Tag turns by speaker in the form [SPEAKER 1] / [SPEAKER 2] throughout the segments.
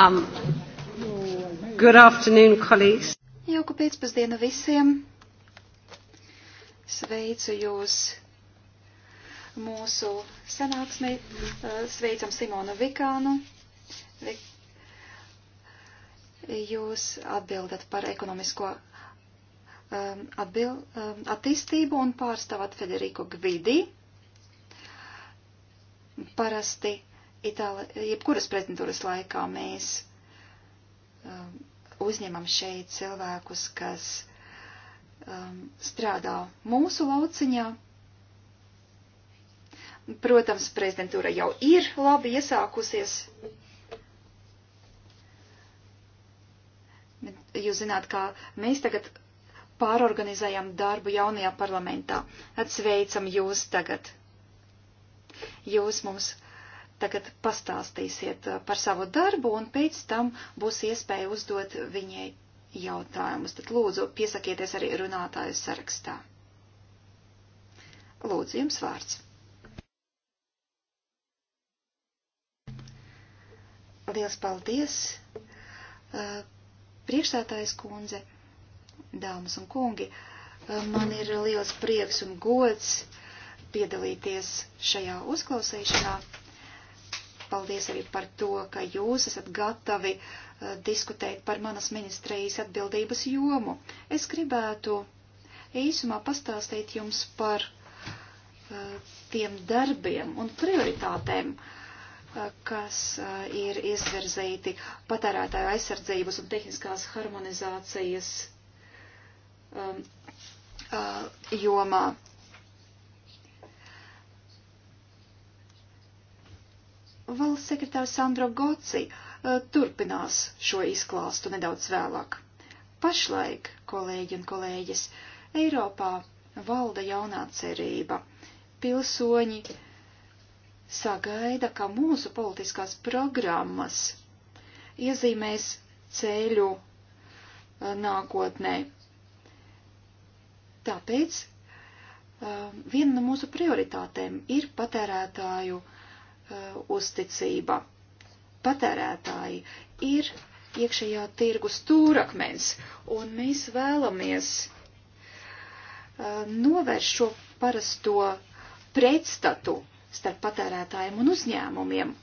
[SPEAKER 1] Um, good afternoon, colleagues. Jauka pēcpusdiena visiem. Sveicu jūs mūsu sanāksmē. Uh, sveicam Simonu Vikānu. Jūs atbildat par ekonomisko um, atbil, um, attīstību un pārstāvat Federiku Gvidi. Parasti Itāli, jebkuras prezidentūras laikā mēs um, uzņemam šeit cilvēkus, kas um, strādā mūsu lauciņā. Protams, prezidentūra jau ir labi iesākusies. Bet jūs zināt, kā mēs tagad pārorganizējam darbu jaunajā parlamentā. Atsveicam jūs tagad. Jūs mums tagad pastāstīsiet uh, par savu darbu, un pēc tam būs iespēja uzdot viņai jautājumus. Tad lūdzu, piesakieties arī runātāju sarakstā. Lūdzu, jums vārds. Liels paldies, uh, priekšstādājas kundze, dāmas un kungi. Uh, man ir liels prieks un gods piedalīties šajā uzklausīšanā Paldies arī par to, ka jūs esat gatavi uh, diskutēt par manas ministrijas atbildības jomu. Es gribētu īsumā pastāstīt jums par uh, tiem darbiem un prioritātēm, uh, kas ir izverzīti patērētāju aizsardzības un tehniskās harmonizācijas um, jomā. Valsts sekretārs Sandro Goci eh, turpinās šo izklāstu nedaudz vēlāk. Pašlaik, kolēģi un kolēģis, Eiropā valda jaunā cerība. Pilsoņi sagaida, ka mūsu politiskās programmas iezīmēs ceļu eh, nākotnē. Tāpēc eh, viena no mūsu prioritātēm ir patērētāju uh, uh, uzticība. Patērētāji ir iekšējā tirgus stūrakmens, un mēs vēlamies uh, novērst šo parasto pretstatu starp patērētājiem un uzņēmumiem.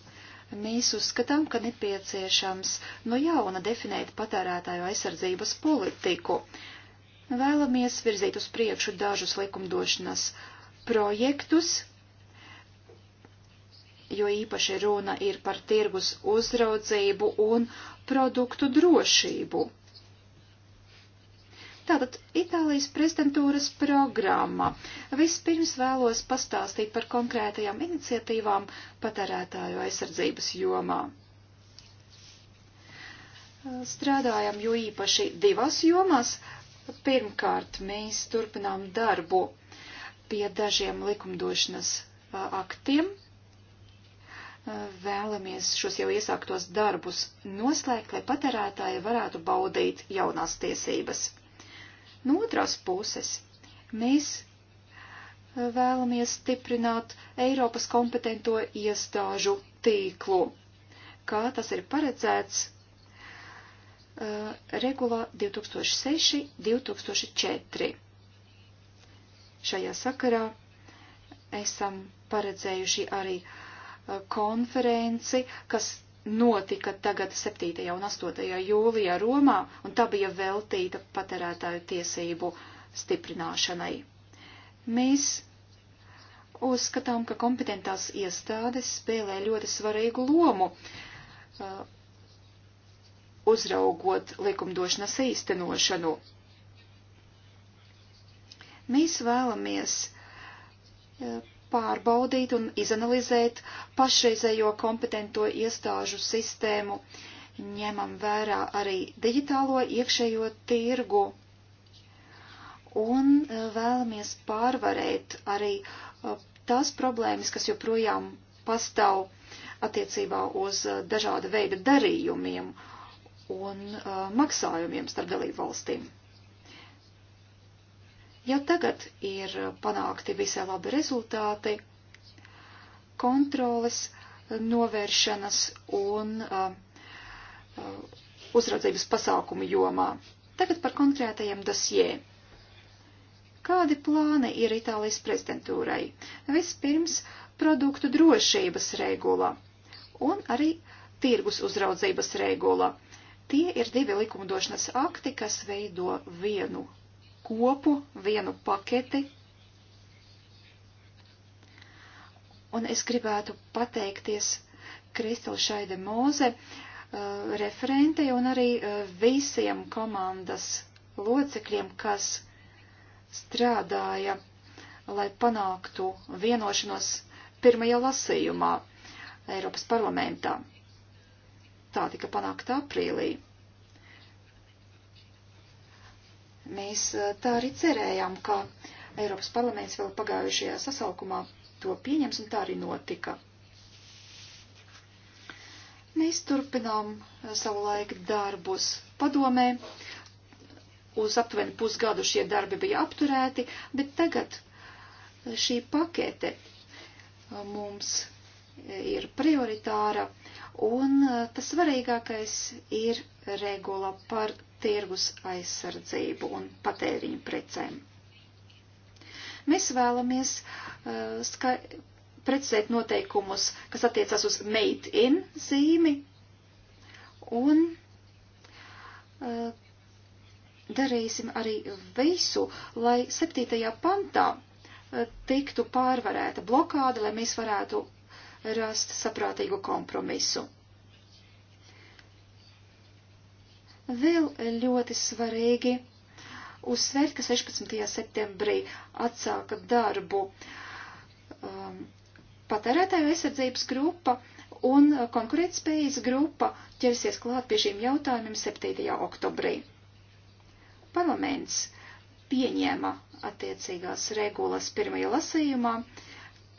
[SPEAKER 1] Mēs uzskatām, ka nepieciešams no jauna definēt patērētāju aizsardzības politiku. Vēlamies virzīt uz priekšu dažus likumdošanas projektus, jo īpaši runa ir par tirgus uzraudzību un produktu drošību. Tātad Itālijas prezidentūras programma. Vispirms vēlos pastāstīt par konkrētajām iniciatīvām patērētāju aizsardzības jomā. Strādājam jo īpaši divās jomās. Pirmkārt, mēs turpinām darbu pie dažiem likumdošanas aktiem, vēlamies šos jau iesāktos darbus noslēgt, lai patērētāji varētu baudīt jaunās tiesības. No otrās puses, mēs uh, vēlamies stiprināt Eiropas kompetento iestāžu tīklu, kā tas ir paredzēts uh, regulā 2006-2004. Šajā sakarā esam paredzējuši arī uh, konferenci, kas notika tagad 7. un 8. jūlijā Romā, un tā bija veltīta patērētāju tiesību stiprināšanai. Mēs uzskatām, ka kompetentās iestādes spēlē ļoti svarīgu lomu uh, uzraugot likumdošanas īstenošanu. Mēs vēlamies uh, pārbaudīt un izanalizēt pašreizējo kompetento iestāžu sistēmu, ņemam vērā arī digitālo iekšējo tirgu un e, vēlamies pārvarēt arī e, tās problēmas, kas joprojām pastāv attiecībā uz e, dažāda veida darījumiem un maksājumiem starp dalību valstīm. Jau tagad ir panākti visai labi rezultāti kontroles, novēršanas un uh, uh, uzraudzības pasākumu jomā. Tagad par konkrētajiem dosjē. Kādi plāni ir Itālijas prezidentūrai? Vispirms produktu drošības regula un arī tirgus uzraudzības regula. Tie ir divi likumdošanas akti, kas veido vienu kopu, vienu paketi. Un es gribētu pateikties Kristela Šaide Moze uh, eh, referentei un arī uh, visiem komandas locekļiem, kas strādāja, lai panāktu vienošanos pirmajā lasījumā Eiropas parlamentā. Tā tika panākta aprīlī. Mēs e, tā arī cerējām, ka Eiropas parlaments vēl pagājušajā sasaukumā to pieņems, un tā arī notika. Mēs turpinām e, savu laiku darbus padomē. Uz aptuveni pusgadu šie darbi bija apturēti, bet tagad šī pakete e, mums ir prioritāra, un tas svarīgākais ir regula par tirgus aizsardzību un patēriņu precēm. Mēs vēlamies uh, ska, precizēt noteikumus, kas attiecas uz made in zīmi un uh, darīsim arī visu, lai 7. pantā uh, tiktu pārvarēta blokāda, lai mēs varētu rast saprātīgu kompromisu. Vēl ļoti svarīgi uzsvērt, ka 16. septembrī atsāka darbu um, patērētāju aizsardzības grupa un konkurētspējas grupa ķersies klāt pie šīm jautājumiem 7. oktobrī. Parlaments pieņēma attiecīgās regulas pirmajā lasījumā.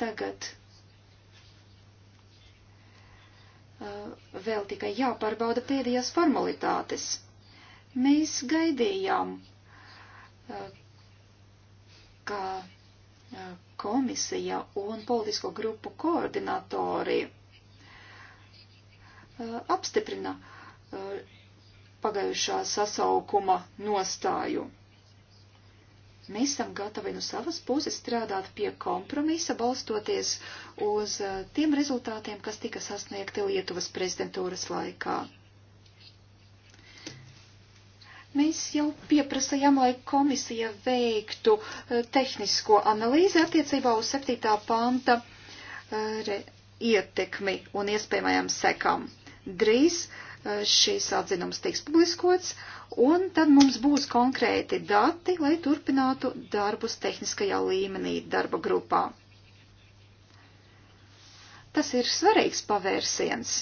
[SPEAKER 1] Tagad Eh, vēl tikai jāpārbauda pēdējās formalitātes. Mēs gaidījām, eh, ka eh, komisija un politisko grupu koordinatori apstiprina pagājušā sasaukuma nostāju. Mēs esam gatavi no savas puses strādāt pie kompromisa, balstoties uz uh, tiem rezultātiem, kas tika sasniegti Lietuvas prezidentūras laikā. Mēs jau pieprasījām, lai komisija veiktu uh, tehnisko analīzi attiecībā uz 7. panta uh, ietekmi un iespējamajām sekām. Drīz uh, Eh, šīs atzinums tiks publiskots, un tad mums būs konkrēti dati, lai turpinātu darbus tehniskajā līmenī darba grupā. Tas ir svarīgs pavērsiens.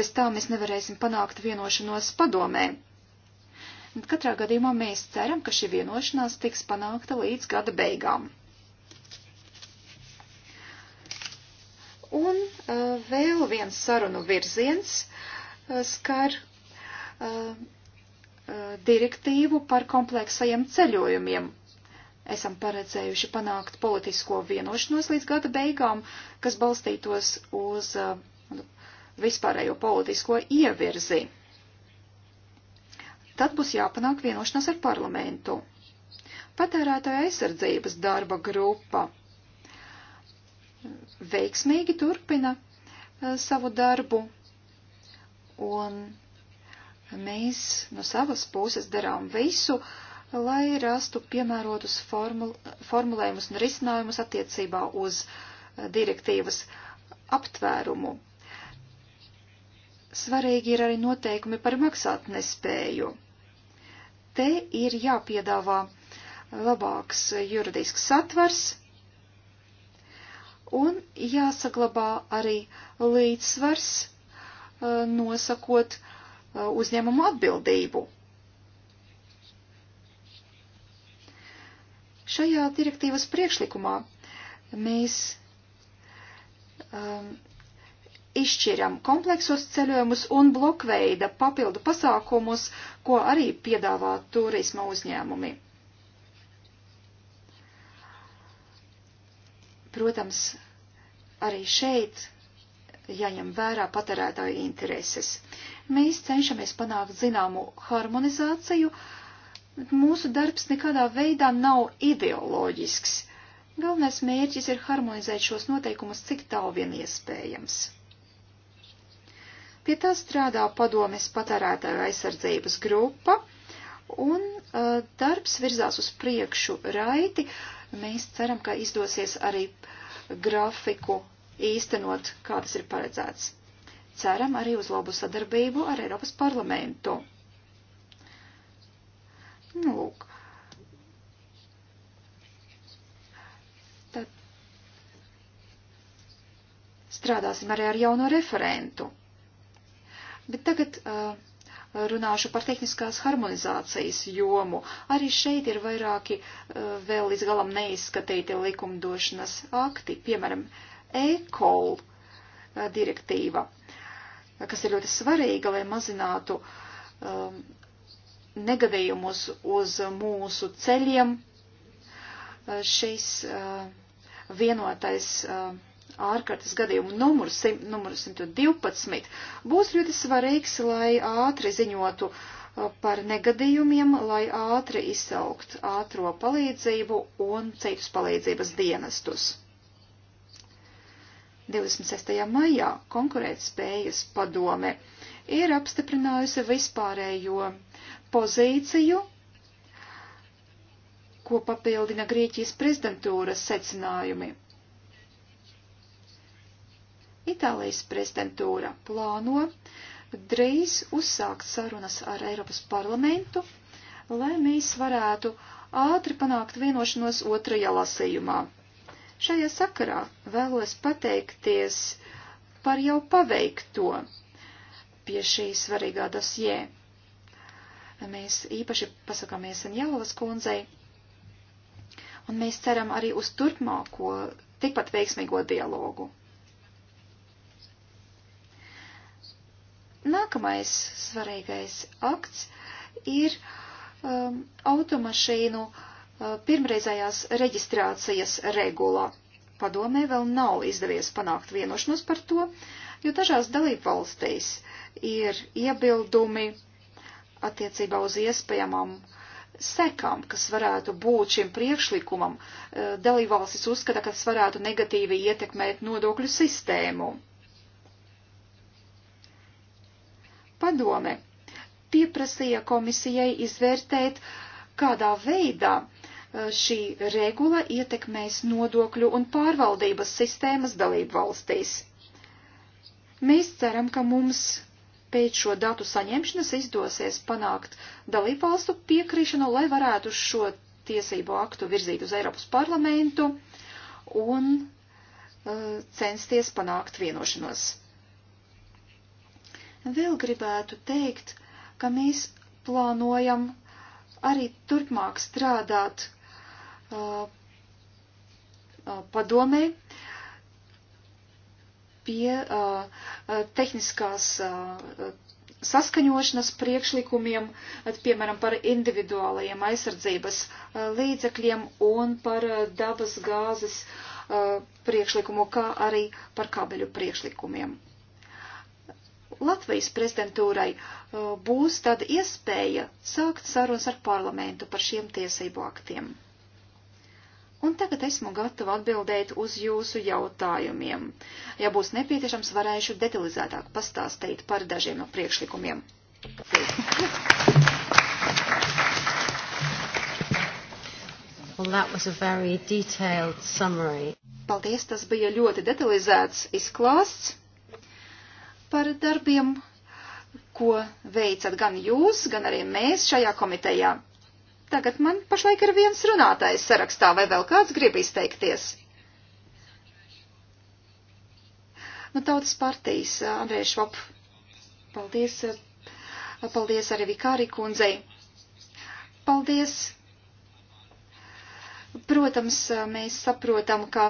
[SPEAKER 1] Bez tā mēs nevarēsim panākt vienošanos padomē. Katrā gadījumā mēs ceram, ka šī vienošanās tiks panākta līdz gada beigām. Un uh, vēl viens sarunu virziens uh, skar direktīvu par kompleksajiem ceļojumiem. Esam paredzējuši panākt politisko vienošanos līdz gada beigām, kas balstītos uz vispārējo politisko ievirzi. Tad būs jāpanāk vienošanās ar parlamentu. Patērētāja aizsardzības darba grupa veiksmīgi turpina savu darbu Un mēs no savas puses darām visu, lai rastu piemērotus formul, formulējumus un risinājumus attiecībā uz eh, direktīvas aptvērumu. Svarīgi ir arī noteikumi par maksātnespēju. Te ir jāpiedāvā labāks juridisks satvers un jāsaglabā arī līdzsvars Uh, nosakot uh, uzņēmumu atbildību. Šajā direktīvas priekšlikumā mēs um, izšķiram kompleksos ceļojumus un blokveida papildu pasākumus, ko arī piedāvā turisma uzņēmumi. Protams, arī šeit jāņem vērā patērētāju intereses. Mēs cenšamies panākt zināmu harmonizāciju. Mūsu darbs nekādā veidā nav ideoloģisks. Galvenais mērķis ir harmonizēt šos noteikumus cik tālu vien iespējams. Pie tā strādā padomes patērētāju aizsardzības grupa, un uh, darbs virzās uz priekšu raiti. Mēs ceram, ka izdosies arī grafiku īstenot, kā tas ir paredzēts. Ceram arī uz labu sadarbību ar Eiropas parlamentu. Nu, lūk. Tad strādāsim arī ar jauno referentu. Bet tagad uh, runāšu par tehniskās harmonizācijas jomu. Arī šeit ir vairāki uh, vēl līdz galam neizskatīti likumdošanas akti, piemēram, uh, e-call uh, direktīva, kas ir ļoti svarīga, lai mazinātu um, negadījumus uz mūsu ceļiem. Uh, šis uh, vienotais uh, ārkārtas gadījumu numurs, numurs 112 būs ļoti svarīgs, lai ātri ziņotu uh, par negadījumiem, lai ātri izsaukt ātro palīdzību un citus palīdzības dienestus. 26. maijā konkurētspējas padome ir apstiprinājusi vispārējo pozīciju, ko papildina Grieķijas prezidentūras secinājumi. Itālijas prezidentūra plāno drīz uzsākt sarunas ar Eiropas parlamentu, lai mēs varētu ātri panākt vienošanos otrajā lasījumā. Šajā sakarā vēlos pateikties par jau paveikto pie šī svarīgā dosjē. Mēs īpaši pasakāmies Anjālovas kundzei, un mēs ceram arī uz turpmāko tikpat veiksmīgo dialogu. Nākamais svarīgais akts ir um, automašīnu uh, Uh, pirmreizējās reģistrācijas regulā. Padomē vēl nav izdevies panākt vienošanos par to, jo dažās dalībvalstīs ir iebildumi attiecībā uz iespējamām sekām, kas varētu būt šim priekšlikumam. Uh, dalībvalstis uzskata, ka tas varētu negatīvi ietekmēt nodokļu sistēmu. Padome pieprasīja komisijai izvērtēt, kādā veidā šī regula ietekmēs nodokļu un pārvaldības sistēmas dalību valstīs. Mēs ceram, ka mums pēc šo datu saņemšanas izdosies panākt dalību valstu piekrišanu, lai varētu šo tiesību aktu virzīt uz Eiropas parlamentu un uh, censties panākt vienošanos. Vēl gribētu teikt, ka mēs plānojam arī turpmāk strādāt padomē pie tehniskās saskaņošanas priekšlikumiem, piemēram, par individuālajiem aizsardzības līdzekļiem un par dabas gāzes priekšlikumu, kā arī par kabeļu priekšlikumiem. Latvijas prezidentūrai būs tāda iespēja sākt sarunas ar parlamentu par šiem tiesību aktiem. Un tagad esmu gatava atbildēt uz jūsu jautājumiem. Ja būs nepieciešams, varēšu detalizētāk pastāstīt par dažiem no priekšlikumiem.
[SPEAKER 2] Well, that was a very detailed summary.
[SPEAKER 1] Paldies, tas bija ļoti detalizēts izklāsts par darbiem, ko veicat gan jūs, gan arī mēs šajā komitejā. Tagad man pašlaik ir viens runātājs sarakstā, vai vēl kāds grib izteikties? Nu, tautas partijas, Andrēs Švop, paldies, paldies arī Vikārī kundzei. Paldies! Protams, mēs saprotam, ka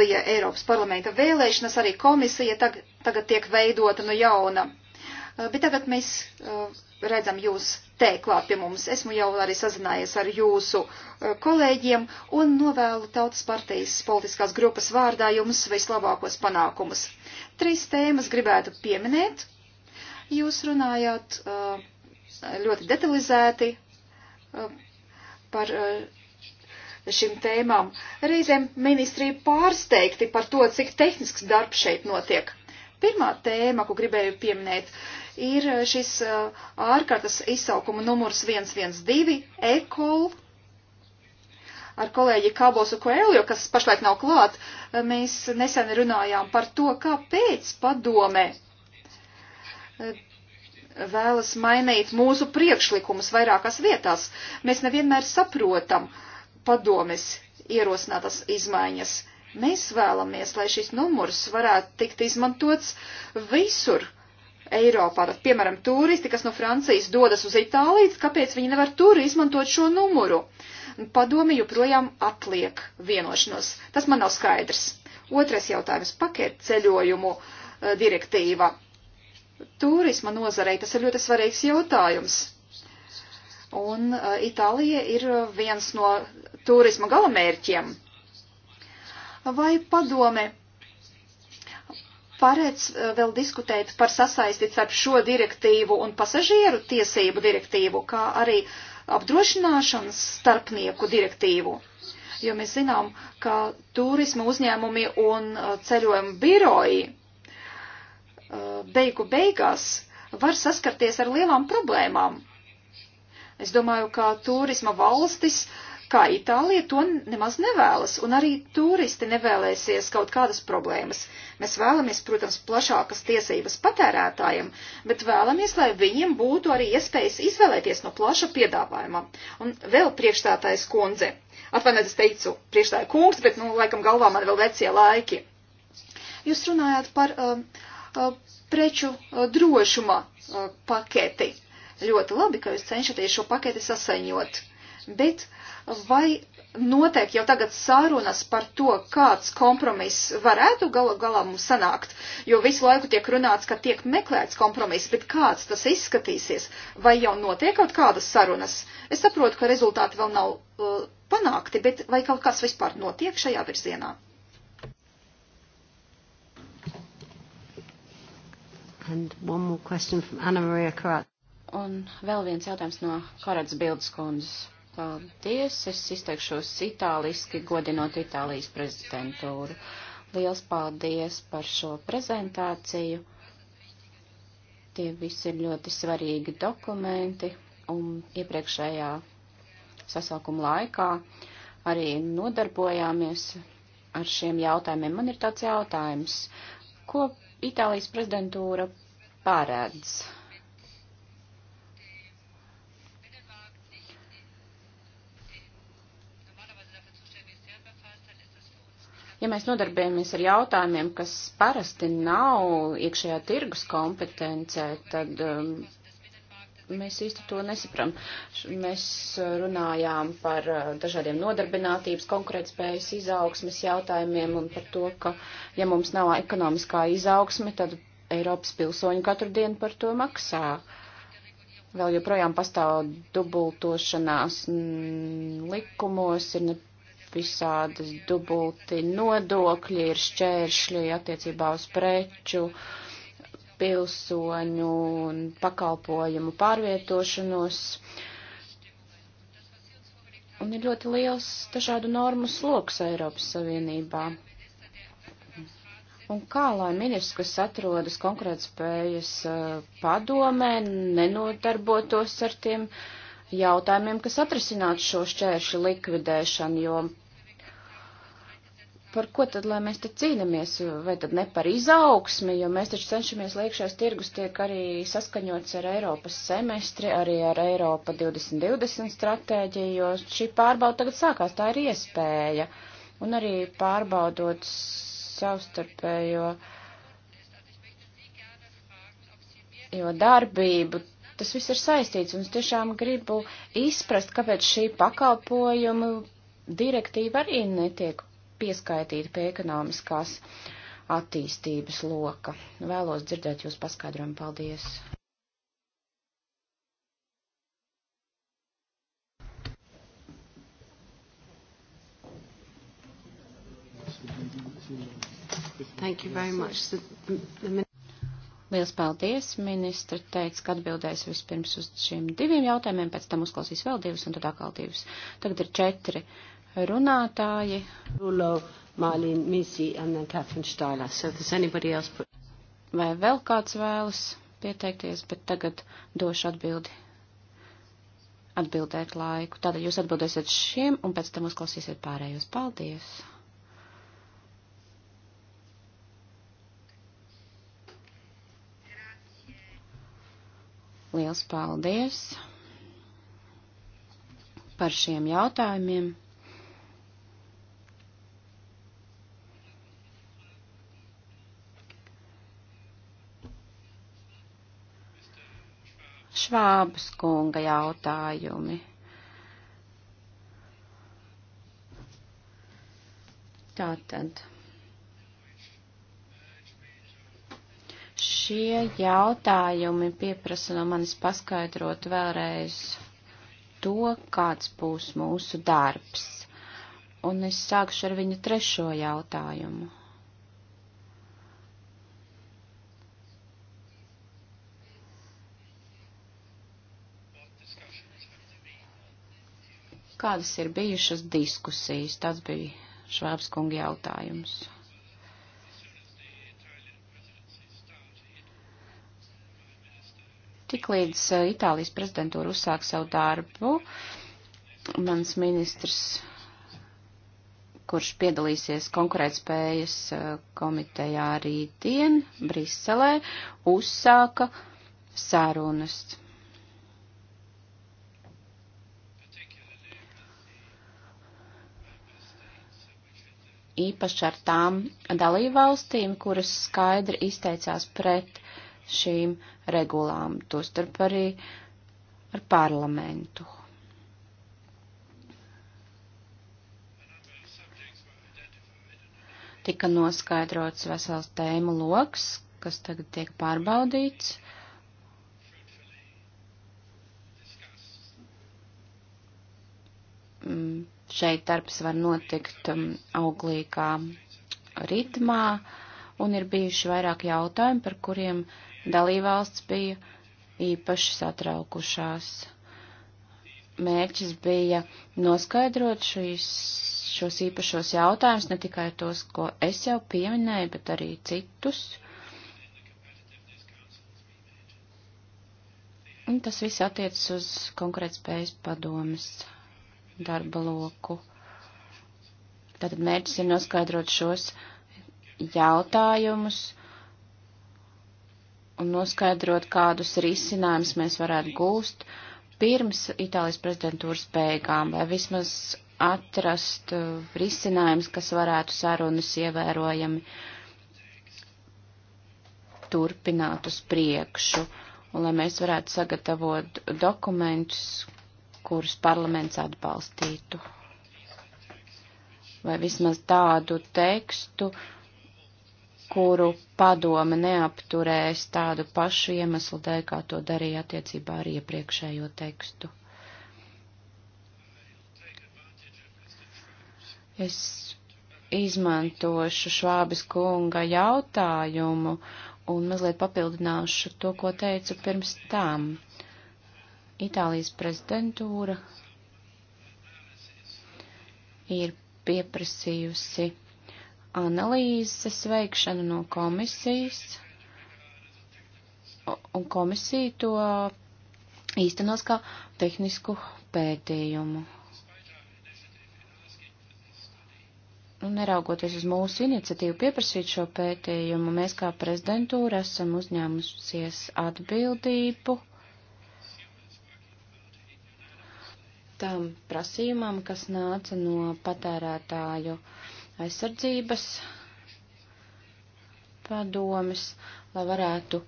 [SPEAKER 1] bija Eiropas parlamenta vēlēšanas, arī komisija tag, tagad tiek veidota no nu jauna. Bet tagad mēs redzam jūs teiklā pie mums. Esmu jau arī sazinājies ar jūsu e, kolēģiem un novēlu Tautas partijas politiskās grupas vārdā jums vislabākos panākumus. Trīs tēmas gribētu pieminēt. Jūs runājāt e, ļoti detalizēti e, par šīm tēmām. Reizēm ministrija pārsteigti par to, cik tehnisks darbs šeit notiek. Pirmā tēma, ko gribēju pieminēt, uh, ir eh, šis eh, ārkārtas izsaukuma numurs 112 ECOL. Ar kolēģi Kabosu Koelju, kas pašlaik nav klāt, eh, mēs nesen runājām par to, kāpēc padome vēlas mainīt mūsu priekšlikumus vairākās vietās. Mēs nevienmēr saprotam padomes ierosinātas izmaiņas. Mēs vēlamies, lai šis numurs varētu tikt izmantots visur, uh, Eiropā. Tad, piemēram, turisti, kas no Francijas dodas uz Itāliju, kāpēc viņi nevar tur izmantot šo numuru? Padomi joprojām atliek vienošanos. Tas man nav skaidrs. Otrais jautājums - paketu ceļojumu eh, direktīva. Turisma nozarei tas ir ļoti svarīgs jautājums. Un uh, Itālija ir viens no turisma galamērķiem. Vai padome paredz eh, vēl diskutēt par sasaisti starp šo direktīvu un pasažieru tiesību direktīvu, kā arī apdrošināšanas starpnieku direktīvu. Jo mēs zinām, ka turisma uzņēmumi un eh, ceļojuma biroji eh, beigu beigās var saskarties ar lielām problēmām. Es domāju, ka turisma valstis uh, kā Itālija to nemaz nevēlas, un arī turisti nevēlēsies kaut kādas problēmas. Mēs vēlamies, protams, plašākas tiesības patērētājiem, bet vēlamies, lai viņiem būtu arī iespējas izvēlēties no plaša piedāvājuma. Un vēl priekšstātais kundze. Atvainojiet, es teicu priekšstāja kungs, bet, nu, laikam galvā man vēl vecie laiki. Jūs runājāt par uh, uh, preču uh, drošuma uh, paketi. Ļoti labi, ka jūs cenšaties šo paketi sasaņot bet vai notiek jau tagad sārunas par to, kāds kompromiss varētu galu galā mums sanākt, jo visu laiku tiek runāts, ka tiek meklēts kompromiss, bet kāds tas izskatīsies, vai jau notiek kaut kādas sarunas. Es saprotu, ka rezultāti vēl nav uh, panākti, bet vai kaut kas vispār notiek šajā virzienā?
[SPEAKER 2] And one more question from Anna Maria Karat.
[SPEAKER 3] Un vēl viens jautājums no Karats Bildes kundzes. Paldies! Es izteikšos itāliski, godinot Itālijas prezidentūru. Liels paldies par šo prezentāciju. Tie visi ir ļoti svarīgi dokumenti, un iepriekšējā sasaukuma laikā arī nodarbojāmies ar šiem jautājumiem. Man ir tāds jautājums, ko Itālijas prezidentūra paredz? Ja mēs nodarbojamies ar jautājumiem, kas parasti nav iekšējā tirgus kompetencē, tad um, mēs īsti to nesapram. Mēs uh, runājām par uh, dažādiem nodarbinātības, konkurētspējas izaugsmes jautājumiem un par to, ka ja mums nav ekonomiskā izaugsme, tad Eiropas pilsoņi katru dienu par to maksā. Vēl joprojām pastāv dubultošanās mm, likumos, ir ne visādas dubulti nodokļi, ir šķēršļi attiecībā uz preču, pilsoņu un pakalpojumu pārvietošanos. Un ir ļoti liels dažādu normu sloks Eiropas Savienībā. Un kā lai ministrs, kas atrodas konkrētspējas eh, padomē, nenodarbotos ar tiem uh, jautājumiem, kas atrisinātu šo šķēršu likvidēšanu, jo par ko tad, lai mēs te cīnāmies, vai tad ne par izaugsmi, jo mēs taču cenšamies, lai iekšējais tirgus tiek arī saskaņots ar Eiropas semestri, arī ar Eiropa 2020 stratēģiju, jo šī pārbauda tagad sākās, tā ir iespēja. Un arī pārbaudot savstarpējo jo darbību, tas viss ir saistīts, un es tiešām gribu izprast, kāpēc šī pakalpojuma direktīva arī netiek pieskaitīt pie ekonomiskās attīstības loka. Vēlos dzirdēt jūs paskaidrojumu. Paldies!
[SPEAKER 4] Thank you very much.
[SPEAKER 3] The, the Liels paldies! Ministra teica, ka atbildēs vispirms uz šiem diviem jautājumiem, pēc tam uzklausīs vēl divus un tad atkal divus. Tagad ir četri runātāji. Rulo, Mālīna Misi un Katrin Štailā. So if there's anybody else... Put... Vai vēl kāds vēlas pieteikties, bet tagad došu atbildi. Atbildēt laiku. Tātad jūs atbildēsiet šiem un pēc tam uzklausīsiet pārējos. Paldies! Liels paldies par šiem jautājumiem. Švābas kunga jautājumi. Tātad. Šie jautājumi pieprasa no manis paskaidrot vēlreiz to, kāds būs mūsu darbs. Un es sākšu ar viņa trešo jautājumu. Kādas ir bijušas diskusijas? Tas bija Švābs kunga jautājums. Tiklīdz eh, Itālijas prezidentūra uzsāk savu darbu, mans ministrs, kurš piedalīsies konkurētspējas eh, komitejā rītdien Briselē, uzsāka sarunas īpaši ar tām dalībvalstīm, kuras skaidri izteicās pret šīm regulām, tostarp arī ar parlamentu. Tika noskaidrots vesels tēmu loks, kas tagad tiek pārbaudīts. Mm šeit darbs var notikt um, auglīgā ritmā, un ir bijuši vairāk jautājumi, par kuriem dalībvalsts bija īpaši satraukušās. Mērķis bija noskaidrot šīs, šos īpašos jautājumus, ne tikai tos, ko es jau pieminēju, bet arī citus. Un tas viss attiecas uz konkrētspējas padomas darba loku. Tātad mērķis ir noskaidrot šos jautājumus un noskaidrot, kādus risinājumus mēs varētu gūst pirms Itālijas prezidentūras beigām, vai vismaz atrast uh, risinājums, kas varētu sarunas ievērojami turpināt uz priekšu, un lai mēs varētu sagatavot dokumentus, kurus parlaments atbalstītu. Vai vismaz tādu tekstu, kuru padome neapturēs tādu pašu iemeslu dēļ, kā to darīja attiecībā ar iepriekšējo tekstu. Es izmantošu Švābis kunga jautājumu un mazliet papildināšu to, ko teicu pirms tam. Itālijas prezidentūra ir pieprasījusi analīzes veikšanu no komisijas, un komisija to īstenos kā tehnisku pētījumu. Un neraugoties uz mūsu iniciatīvu pieprasīt šo pētījumu, mēs kā prezidentūra esam uzņēmusies atbildību tām prasījumam, kas nāca no patērētāju aizsardzības padomis, lai varētu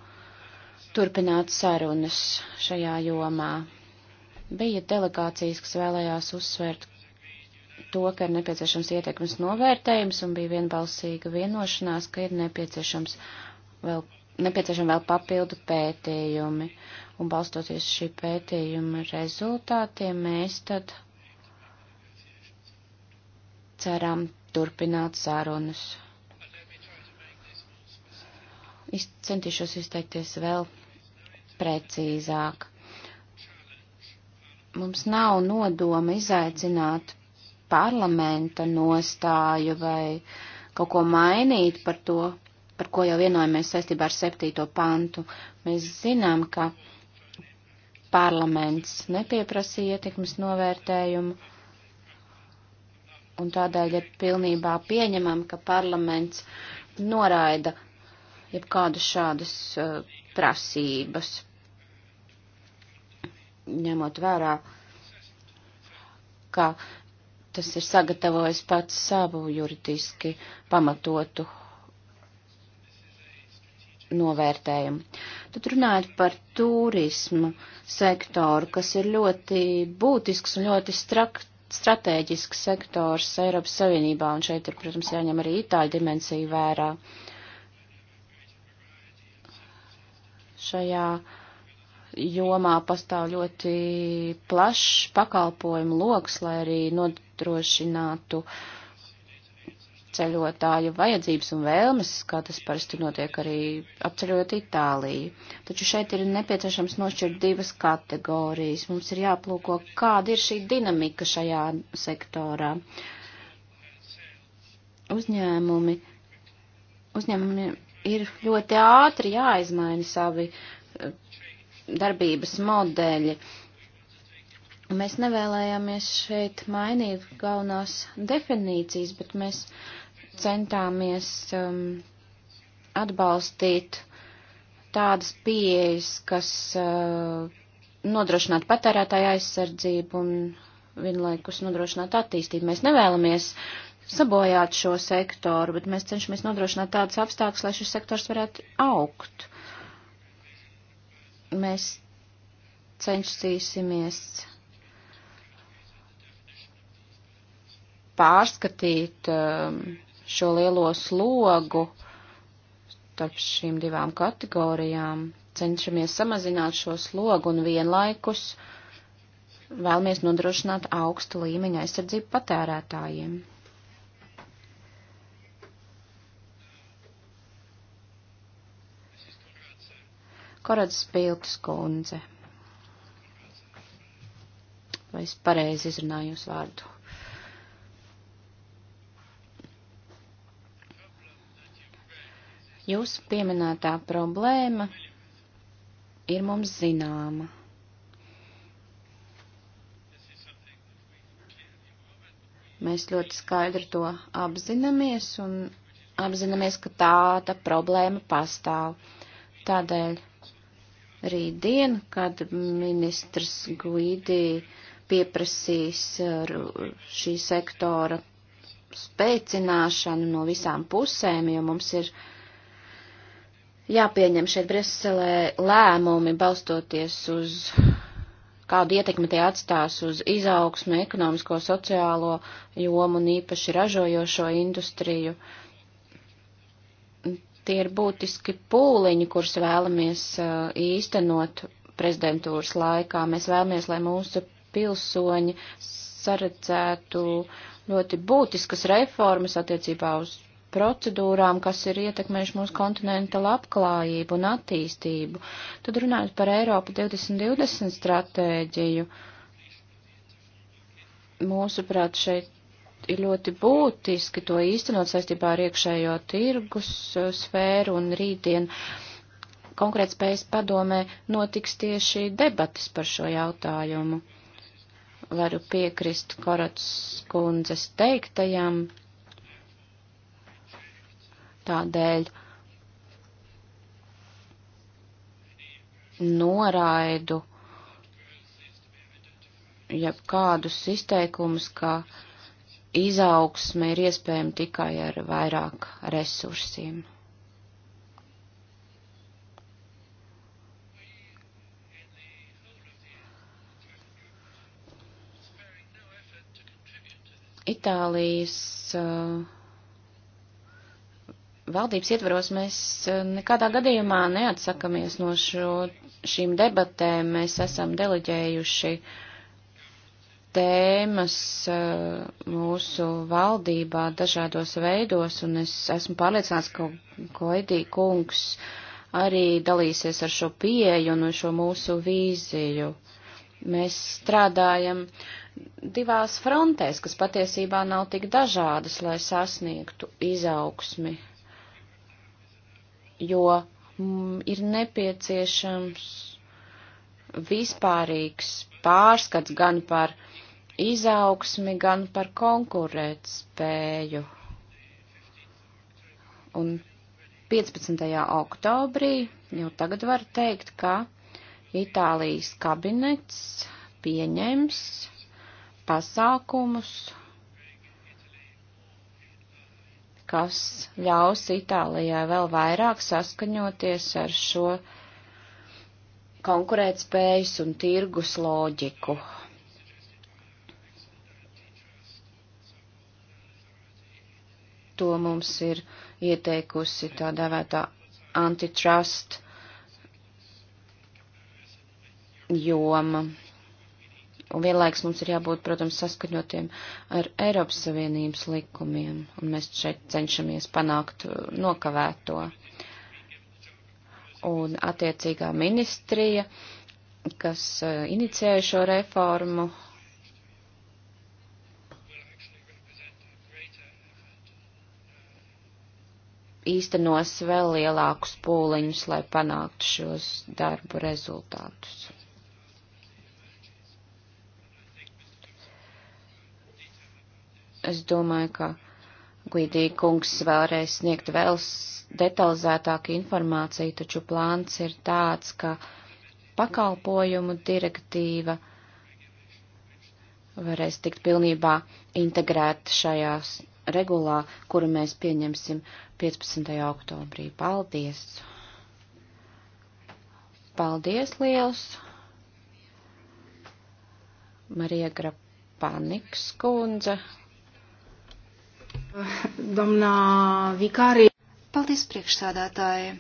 [SPEAKER 3] turpināt sarunas šajā jomā. Bija delegācijas, kas vēlējās uzsvērt to, ka ir nepieciešams ietekmes novērtējums un bija vienbalsīga vienošanās, ka ir nepieciešams vēl nepieciešami vēl papildu pētījumi, un balstoties šī pētījuma rezultātiem, mēs tad ceram turpināt sarunas. Es centīšos izteikties vēl precīzāk. Mums nav nodoma izaicināt parlamenta nostāju vai kaut ko mainīt par to, par ko jau vienojamies saistībā ar septīto pantu. Mēs zinām, ka parlaments nepieprasīja ietekmes novērtējumu, un tādēļ ir pilnībā pieņemam, ka parlaments noraida jebkādas šādas uh, prasības, ņemot vērā, ka tas ir sagatavojis pats savu juridiski pamatotu novērtējumu. Tad runājot par turismu sektoru, kas ir ļoti būtisks un ļoti strakt, strateģisks sektors Eiropas Savienībā, un šeit ir, protams, jāņem arī itāļu dimensija vērā. Šajā jomā pastāv ļoti plašs pakalpojumu loks, lai arī nodrošinātu uh, apceļotāju vajadzības un vēlmes, kā tas parasti notiek arī apceļojot Itāliju. Taču šeit ir nepieciešams nošķirt divas kategorijas. Mums ir jāplūko, kāda ir šī dinamika šajā sektorā. Uzņēmumi, uzņēmumi ir ļoti ātri jāizmaina savi eh, darbības modeļi. Mēs nevēlējāmies šeit mainīt galvenās definīcijas, bet mēs centāmies um, atbalstīt tādas pieejas, kas uh, nodrošinātu patērētāju aizsardzību un vienlaikus nodrošinātu attīstību. Mēs nevēlamies sabojāt šo sektoru, bet mēs cenšamies nodrošināt tādus apstākļus, lai šis sektors varētu augt. Mēs cenšīsimies pārskatīt uh, um, šo lielo slogu starp šīm divām kategorijām, cenšamies samazināt šo slogu un vienlaikus vēlamies nodrošināt augstu līmeņa aizsardzību patērētājiem. Korats Piltas kundze. Vai es pareizi izrunāju jūsu vārdu? Jūsu pieminētā problēma ir mums zināma. Mēs ļoti skaidri to apzināmies un apzināmies, ka tāda problēma pastāv. Tādēļ rītdien, kad ministrs Guidī pieprasīs uh, šī sektora spēcināšanu no visām pusēm, jo mums ir uh, jāpieņem šeit Briselē lēmumi balstoties uz kādu ietekmi tie atstās uz izaugsmu, ekonomisko, sociālo jomu un īpaši ražojošo industriju. Tie ir būtiski pūliņi, kurus vēlamies uh, īstenot prezidentūras laikā. Mēs vēlamies, lai mūsu pilsoņi saredzētu ļoti būtiskas reformas attiecībā uz procedūrām, kas ir ietekmējuši mūsu kontinenta labklājību un attīstību. Tad runājot par Eiropu 2020 stratēģiju, mūsuprāt, šeit ir ļoti būtiski to īstenot saistībā ar iekšējo tirgus uh, sfēru un rītdien konkrētspējas padomē notiks tieši debatas par šo jautājumu varu piekrist Korats kundzes teiktajam, Tādēļ noraidu jebkādus izteikumus, ka izaugsme ir iespējama tikai ar vairāk resursiem. Itālijas uh, valdības ietvaros mēs eh, nekādā gadījumā neatsakamies no šo, šīm debatēm. Mēs esam deleģējuši tēmas eh, mūsu valdībā dažādos veidos, un es esmu pārliecināts, ka Koidī kungs arī dalīsies ar šo pieeju un šo mūsu vīziju. Mēs strādājam divās frontēs, kas patiesībā nav tik dažādas, lai sasniegtu izaugsmi jo mm, ir nepieciešams vispārīgs pārskats gan par izaugsmi, gan par konkurētspēju. Un 15. oktobrī jau tagad var teikt, ka Itālijas kabinets pieņems pasākumus, kas ļaus Itālijai vēl vairāk saskaņoties ar šo konkurētspējas un tirgus loģiku. To mums ir ieteikusi tā dēvētā antitrust joma. Un vienlaiks mums ir jābūt, protams, saskaņotiem ar Eiropas Savienības likumiem, un mēs šeit cenšamies panākt uh, nokavēto. Un attiecīgā ministrija, kas uh, inicēja šo reformu, īstenos vēl lielākus pūliņus, lai panāktu šos darbu rezultātus. es domāju, ka Guidīgi kungs vēlreiz sniegt vēl detalizētāku informāciju, taču plāns ir tāds, ka pakalpojumu direktīva varēs tikt pilnībā integrēta šajās regulā, kuru mēs pieņemsim 15. oktobrī. Paldies! Paldies liels! Marija Grapaniks kundze.
[SPEAKER 1] Domnā Vikārī. Paldies priekšsādātāji.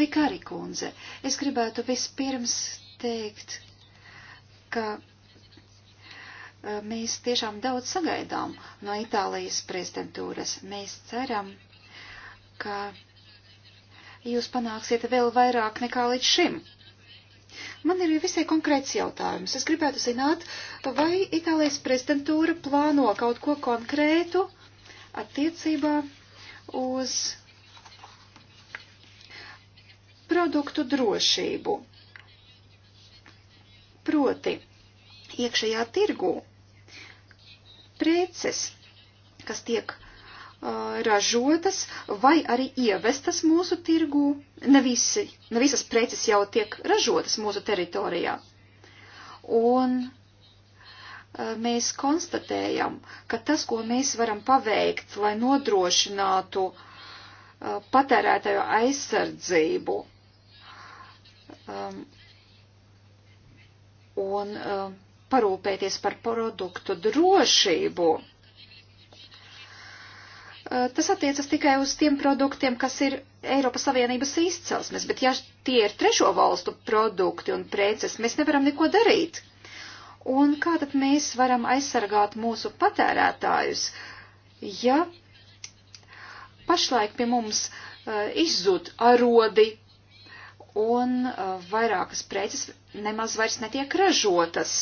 [SPEAKER 1] Vikārī kundze, es gribētu vispirms teikt, ka e, mēs tiešām daudz sagaidām no Itālijas prezidentūras. Mēs ceram, ka jūs panāksiet vēl vairāk nekā līdz šim. Man ir visai konkrēts jautājums. Es gribētu zināt, vai Itālijas prezidentūra plāno kaut ko konkrētu attiecībā uz produktu drošību. Proti, iekšējā tirgū preces, kas tiek ražotas vai arī ievestas mūsu tirgū. Ne, visi, ne visas preces jau tiek ražotas mūsu teritorijā. Un mēs konstatējam, ka tas, ko mēs varam paveikt, lai nodrošinātu patērētāju aizsardzību un parūpēties par produktu drošību, Eh, tas attiecas tikai uz tiem produktiem, kas ir Eiropas Savienības izcelsmes, bet ja tie ir trešo valstu produkti un preces, mēs nevaram neko darīt. Un kā tad mēs varam aizsargāt mūsu patērētājus, ja pašlaik pie mums uh, izzūd arodi un uh, vairākas preces nemaz vairs netiek ražotas?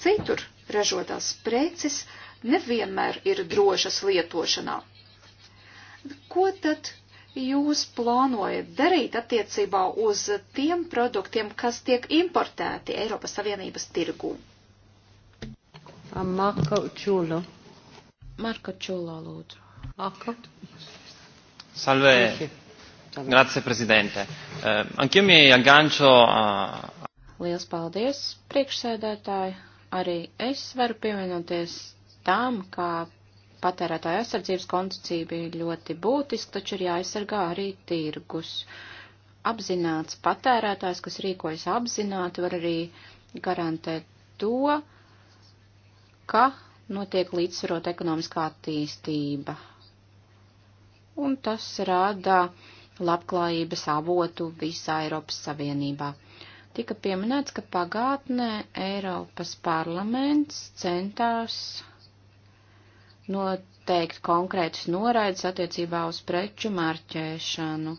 [SPEAKER 1] Citur ražotās preces uh, nevienmēr ir drošas lietošanā. Ko tad jūs plānojat darīt attiecībā uz tiem produktiem, kas tiek importēti Eiropas Savienības tirgū?
[SPEAKER 3] Marko Čulo. Marko Čulo, lūdzu. Marko.
[SPEAKER 4] Salve. Merci. Grazie, Presidente. Uh, Anch'io mi aggancio a...
[SPEAKER 3] Liels paldies, priekšsēdētāji. Arī es varu pievienoties tam, kā patērētāja aizsardzības koncepcija bija ļoti būtiska, taču ir jāaizsargā arī tirgus. Apzināts patērētājs, kas rīkojas apzināti, var arī garantēt to, ka notiek līdzsvarot ekonomiskā attīstība. Un tas rada labklājības avotu visā Eiropas Savienībā. Tika pieminēts, ka pagātnē Eiropas parlaments centās noteikt konkrētas noraides attiecībā uz preču marķēšanu,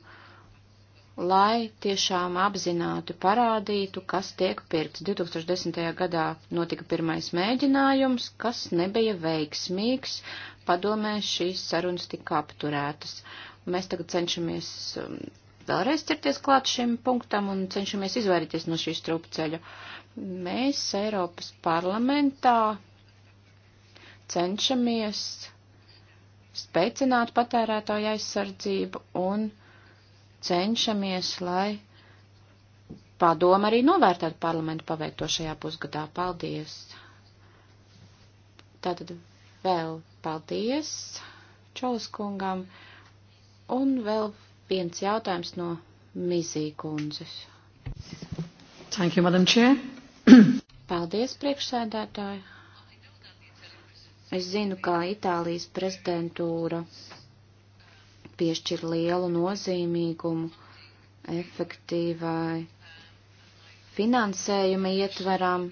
[SPEAKER 3] lai tiešām apzināti parādītu, kas tiek pirkts. 2010. gadā notika pirmais mēģinājums, kas nebija veiksmīgs, padomē šīs sarunas tika apturētas. Mēs tagad cenšamies um, vēlreiz ķerties klāt šim punktam un cenšamies izvairīties no šīs trūkceļa. Mēs Eiropas parlamentā cenšamies spēcināt patērētāju aizsardzību un cenšamies, lai padoma arī novērtētu parlamentu paveikto šajā pusgadā. Paldies! Tātad vēl paldies Čoliskungam un vēl viens jautājums no Mizī kundzes.
[SPEAKER 1] Thank you, Madam Chair.
[SPEAKER 3] Paldies, priekšsēdētāji. Es zinu, kā Itālijas prezidentūra piešķir lielu nozīmīgumu efektīvai finansējuma ietveram.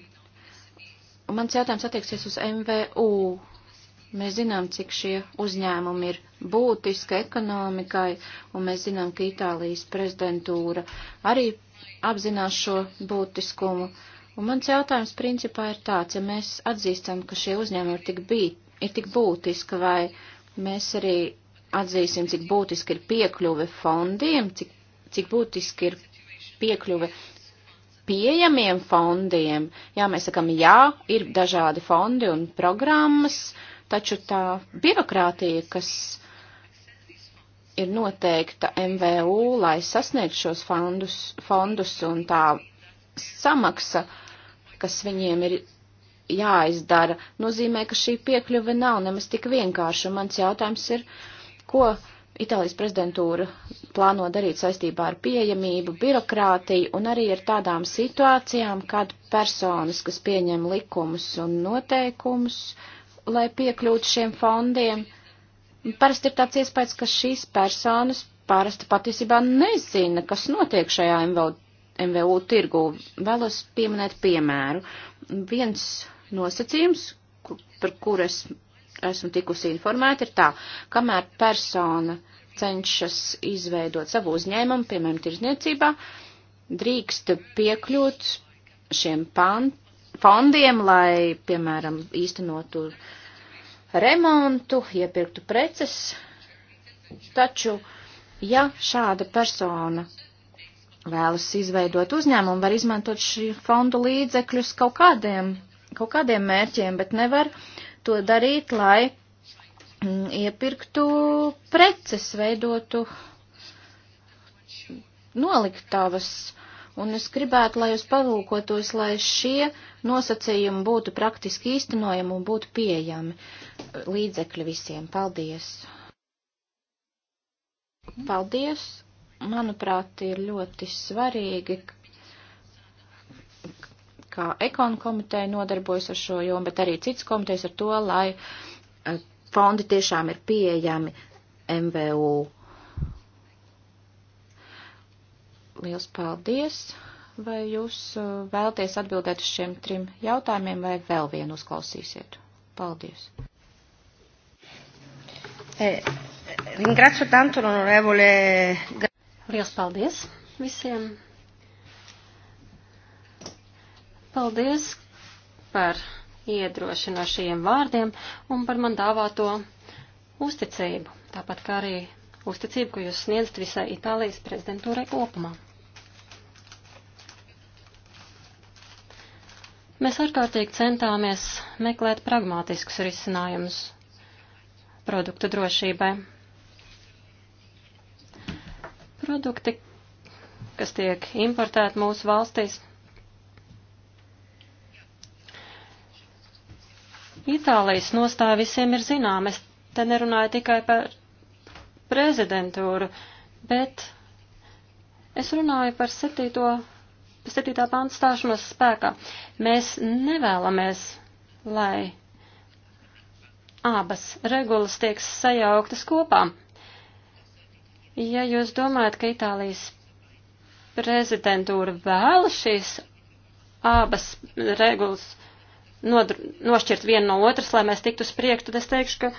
[SPEAKER 3] Un mans jautājums attieksies uz MVU. Mēs zinām, cik šie uzņēmumi ir būtiski ekonomikai, un mēs zinām, ka Itālijas prezidentūra arī apzinās šo būtiskumu. Uh, Un mans jautājums principā ir tāds, ja mēs atzīstam, ka šie uzņēmumi ir tik, bī, ir tik būtiski, vai mēs arī atzīsim, cik būtiski ir piekļuve fondiem, cik, cik būtiski ir piekļuve pieejamiem fondiem. Jā, mēs sakam, jā, ir dažādi fondi un programmas, taču tā birokrātija, kas ir noteikta MVU, lai sasniegtu šos fondus, fondus un tā samaksa, kas viņiem ir jāizdara, nozīmē, ka šī piekļuve nav nemaz tik vienkārša. Mans jautājums ir, ko Itālijas prezidentūra plāno darīt saistībā ar pieejamību, birokrātiju un arī ar tādām situācijām, kad personas, kas pieņem likumus un noteikumus, lai piekļūtu šiem fondiem, parasti ir tāds iespējas, ka šīs personas parasti patiesībā nezina, kas notiek šajā MVD MVU tirgu. Vēlos pieminēt piemēru. Viens nosacījums, par kur es esmu tikusi informēta, ir tā, kamēr persona cenšas izveidot savu uzņēmumu, piemēram, tirzniecībā, drīkst piekļūt šiem pan, fondiem, lai, piemēram, īstenotu remontu, iepirktu preces, taču, ja šāda persona vēlas izveidot uzņēmumu, var izmantot šī fondu līdzekļus kaut kādiem, kaut kādiem mērķiem, bet nevar to darīt, lai mm, iepirktu preces, veidotu noliktavas. Un es gribētu, lai jūs palūkotos, lai šie nosacījumi būtu praktiski īstenojami un būtu pieejami līdzekļi visiem. Paldies! Paldies! manuprāt, ir ļoti svarīgi, kā ekonu komiteja nodarbojas ar šo jomu, bet arī cits komitejas ar to, lai eh, fondi tiešām ir pieejami MVU. Liels paldies! Vai jūs eh, vēlties atbildēt uz šiem trim jautājumiem, vai vēl vienu uzklausīsiet?
[SPEAKER 2] Paldies! Eh, ringrazio tanto l'onorevole. Liels paldies visiem! Paldies par iedrošinošajiem vārdiem un par man dāvāto uzticību, tāpat kā arī uzticību, ko jūs sniedzat visai Itālijas prezidentūrai kopumā. Mēs ārkārtīgi centāmies meklēt pragmātiskus risinājumus produktu drošībai, Produkti, kas tiek importēti mūsu valstīs. Itālijas nostāja visiem ir zināma. Es te nerunāju tikai par prezidentūru, bet es runāju par 7. 7. pānta stāšanos spēkā. Mēs nevēlamies, lai abas regulas tiek sajauktas kopā. Ja jūs domājat, ka Itālijas prezidentūra vēlas šīs abas regulas nodru, nošķirt vienu no otras, lai mēs tiktu uz priekšu, tad es teikšu, ka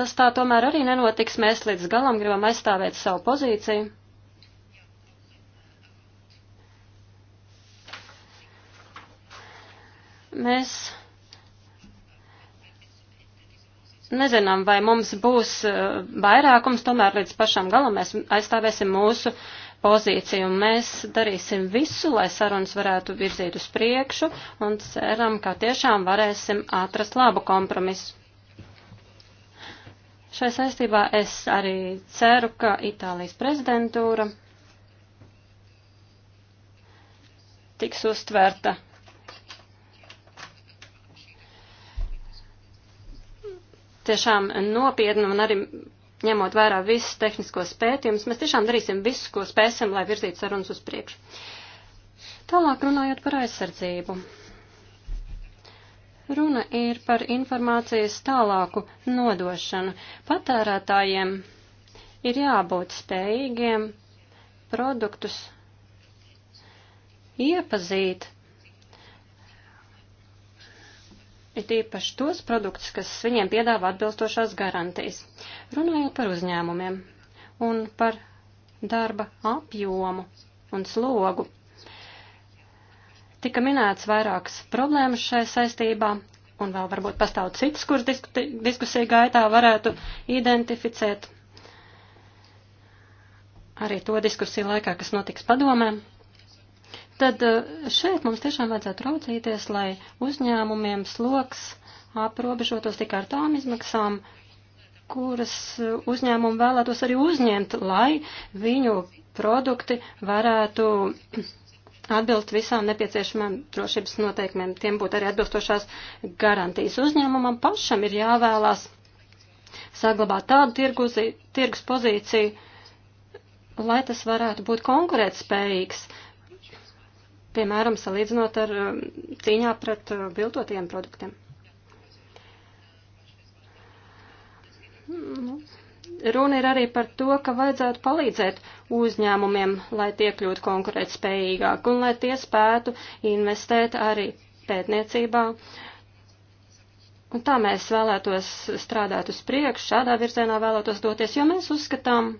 [SPEAKER 2] tas tā tomēr arī nenotiks. Mēs līdz galam gribam aizstāvēt savu pozīciju. Mēs nezinām, vai mums būs eh, vairākums, tomēr līdz pašam galam mēs aizstāvēsim mūsu pozīciju. Mēs darīsim visu, lai sarunas varētu virzīt uz priekšu un ceram, ka tiešām varēsim atrast labu kompromisu. Šai saistībā es arī ceru, ka Itālijas prezidentūra tiks uztverta tiešām nopietni un arī ņemot vērā visus tehniskos pētījumus, mēs tiešām darīsim visu, ko spēsim, lai virzītu sarunas uz priekšu. Tālāk runājot par aizsardzību. Runa ir par informācijas tālāku nodošanu. Patērētājiem ir jābūt spējīgiem produktus iepazīt it īpaši tos produktus, kas viņiem piedāvā atbilstošās garantijas. Runājot par uzņēmumiem un par darba apjomu un slogu, tika minēts vairākas problēmas šai saistībā, un vēl varbūt pastāv citas, kuras diskusija gaitā varētu identificēt. Arī to diskusiju laikā, kas notiks padomēm tad eh, šeit mums tiešām vajadzētu raucīties, lai uzņēmumiem sloks aprobežotos tikai ar tām izmaksām, kuras eh, uzņēmumi vēlētos arī uzņemt, lai viņu produkti varētu atbilst visām nepieciešamām drošības noteikumiem. Tiem būtu arī atbilstošās garantijas. Uzņēmumam pašam ir jāvēlās saglabāt tādu tirguzi, tirgus pozīciju, lai tas varētu būt konkurētspējīgs piemēram, salīdzinot ar um, cīņā pret uh, viltotiem produktiem. Nu, runa ir arī par to, ka vajadzētu palīdzēt uzņēmumiem, lai tie kļūtu konkurētspējīgāk un lai tie spētu investēt arī pētniecībā. Un tā mēs vēlētos strādāt uz priekšu, šādā virzienā vēlētos doties, jo mēs uzskatām,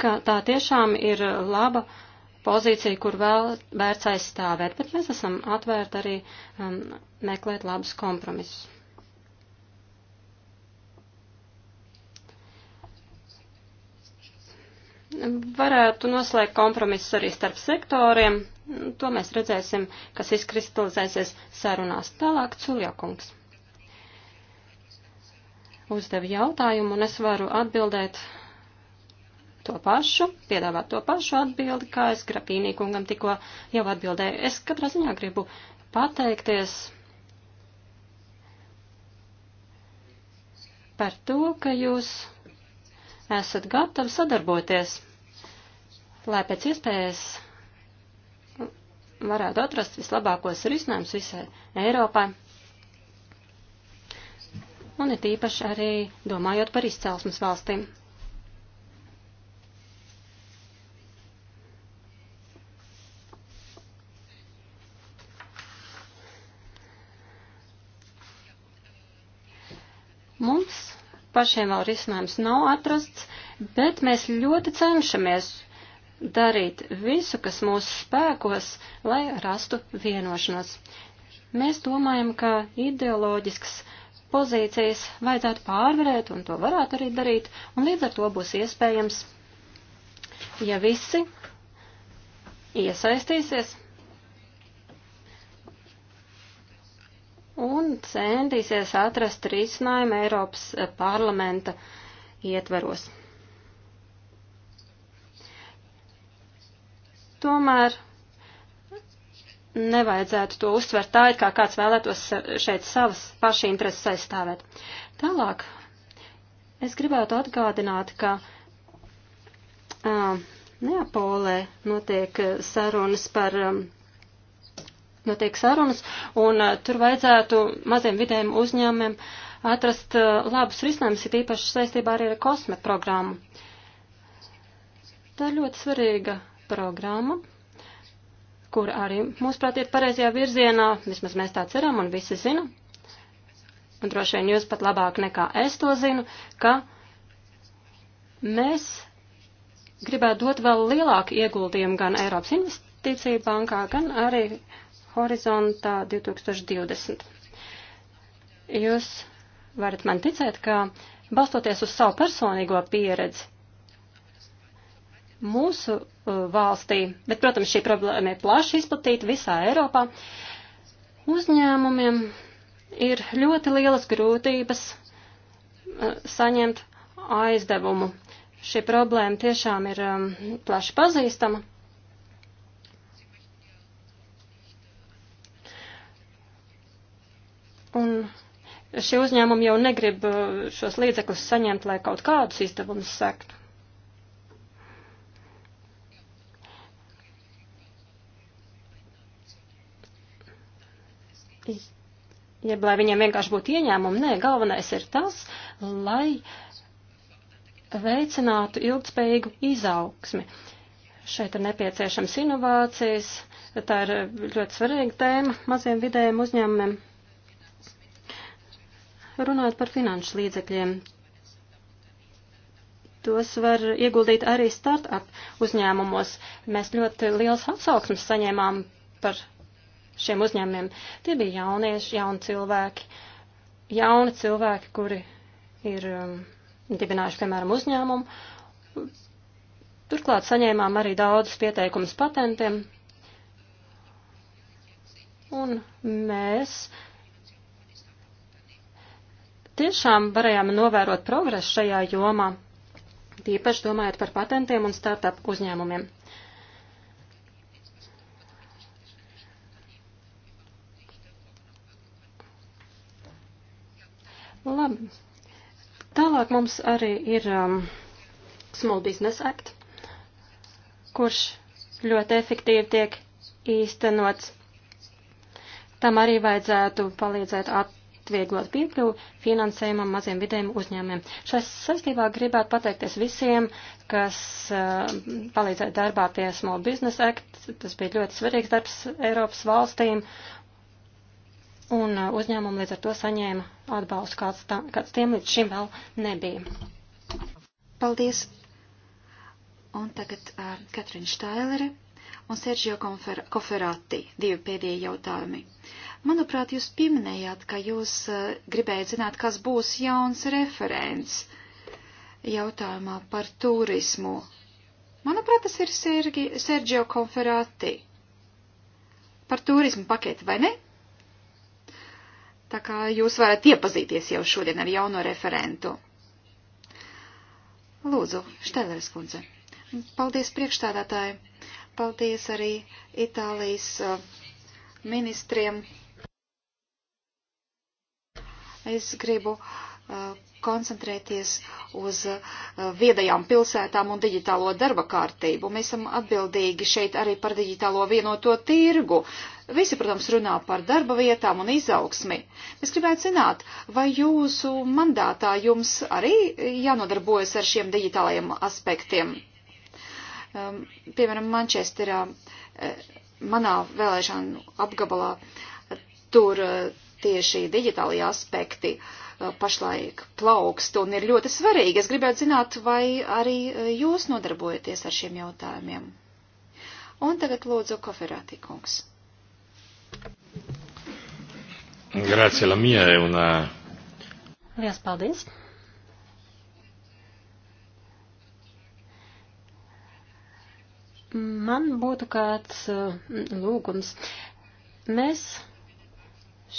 [SPEAKER 2] ka tā tiešām ir laba pozīcija, kur vēl vērts aizstāvēt, bet mēs esam atvērti arī um, meklēt labus kompromisus. Varētu noslēgt kompromisus arī starp sektoriem. To mēs redzēsim, kas izkristalizēsies sarunās tālāk Culjakungs. Uzdevi jautājumu un es varu atbildēt to pašu, piedāvāt to pašu atbildi, kā es Grapīnī kungam tikko jau atbildēju. Es katrā ziņā gribu pateikties par to, ka jūs esat gatavi sadarboties, lai pēc iespējas varētu atrast vislabākos risinājumus visai Eiropai. Un ir tīpaši arī domājot par izcelsmes valstīm. Mums pašiem vēl risinājums nav atrasts, bet mēs ļoti cenšamies darīt visu, kas mūsu spēkos, lai rastu vienošanos. Mēs domājam, ka ideoloģisks pozīcijas vajadzētu pārvarēt, un to varētu arī darīt, un līdz ar to būs iespējams, ja visi iesaistīsies un centīsies atrast risinājumu Eiropas eh, parlamenta ietvaros. Tomēr nevajadzētu to uztvert tā, it kā kāds vēlētos šeit savas paša intereses aizstāvēt. Tālāk es gribētu atgādināt, ka uh, Neapolē notiek sarunas par um, notiek sarunas, un uh, tur vajadzētu maziem vidējiem uzņēmumiem atrast uh, labus risinājumus, ir īpaši saistībā arī ar kosme programmu. Tā ir ļoti svarīga programma, kur arī, mūsuprāt, iet pareizajā virzienā, vismaz mēs tā ceram un visi zina, un droši vien jūs pat labāk nekā es to zinu, ka mēs gribētu dot vēl lielāku ieguldījumu gan Eiropas investīciju bankā, gan arī horizontā 2020. Jūs varat man ticēt, ka balstoties uz savu personīgo pieredzi mūsu uh, valstī, bet, protams, šī problēma ir plaši izplatīta visā Eiropā, uzņēmumiem ir ļoti lielas grūtības uh, saņemt aizdevumu. Šī problēma tiešām ir um, plaši pazīstama. Un šie uzņēmumi jau negrib uh, šos līdzekļus saņemt, lai kaut kādus izdevumus sektu. Jeb lai viņiem vienkārši būtu ieņēmumi, nē, galvenais ir tas, lai veicinātu ilgspējīgu izaugsmi. Šeit ir nepieciešams inovācijas, tā ir ļoti svarīga tēma maziem vidējiem uzņēmumiem runājot par finanšu līdzekļiem, tos var ieguldīt arī startup uzņēmumos. Mēs ļoti liels atsauksmes saņēmām par šiem uzņēmumiem. Tie bija jaunieši, jauni cilvēki, jauni cilvēki, kuri ir um, dibinājuši, piemēram, uzņēmumu. Turklāt saņēmām arī daudzus pieteikumus patentiem. Un mēs tiešām varējām novērot progresu šajā jomā, tīpaši domājot par patentiem un startup uzņēmumiem. Labi. Tālāk mums arī ir um, Small Business Act, kurš ļoti efektīvi tiek īstenots. Tam arī vajadzētu palīdzēt at atvieglot piekļuvu finansējumam maziem vidējiem uzņēmiem. Šai saistībā gribētu pateikties visiem, kas uh, palīdzēja darbā pie Small Business Act. Tas bija ļoti svarīgs darbs Eiropas valstīm. Un uh, uzņēmumi līdz ar to saņēma atbalstu,
[SPEAKER 1] kāds, tā, kāds tiem līdz šim vēl nebija. Paldies! Un tagad uh, eh, Katrina Štailere un Sergio Koferati divi pēdējie jautājumi. Manuprāt, jūs pieminējāt, ka jūs eh, gribējat zināt, kas būs jauns referents jautājumā par turismu. Manuprāt, tas ir Sergi, Sergio Koferati par turismu paketi, vai ne? Tā kā jūs varat iepazīties jau šodien ar jauno referentu. Lūdzu, Šteleres kundze. Paldies priekšstādātāji. Paldies arī Itālijas uh, ministriem. Es gribu uh, koncentrēties uz uh, viedajām pilsētām un digitālo darba kārtību. Mēs esam atbildīgi šeit arī par digitālo vienoto tirgu. Visi, protams, runā par darba vietām un izaugsmi. Mēs gribētu zināt, vai jūsu mandātā jums arī jānodarbojas ar šiem digitālajiem aspektiem? Um, piemēram, Manchesterā, uh, manā vēlēšanu apgabalā, uh, tur uh, tieši digitālie aspekti pašlaik plaukst un ir ļoti svarīgi. Es gribētu zināt, vai arī jūs nodarbojaties ar šiem jautājumiem. Un tagad lūdzu Koferāti kungs.
[SPEAKER 4] Grazie, la mia è una.
[SPEAKER 2] Lielas paldies! Man būtu kāds eh, lūgums. Mēs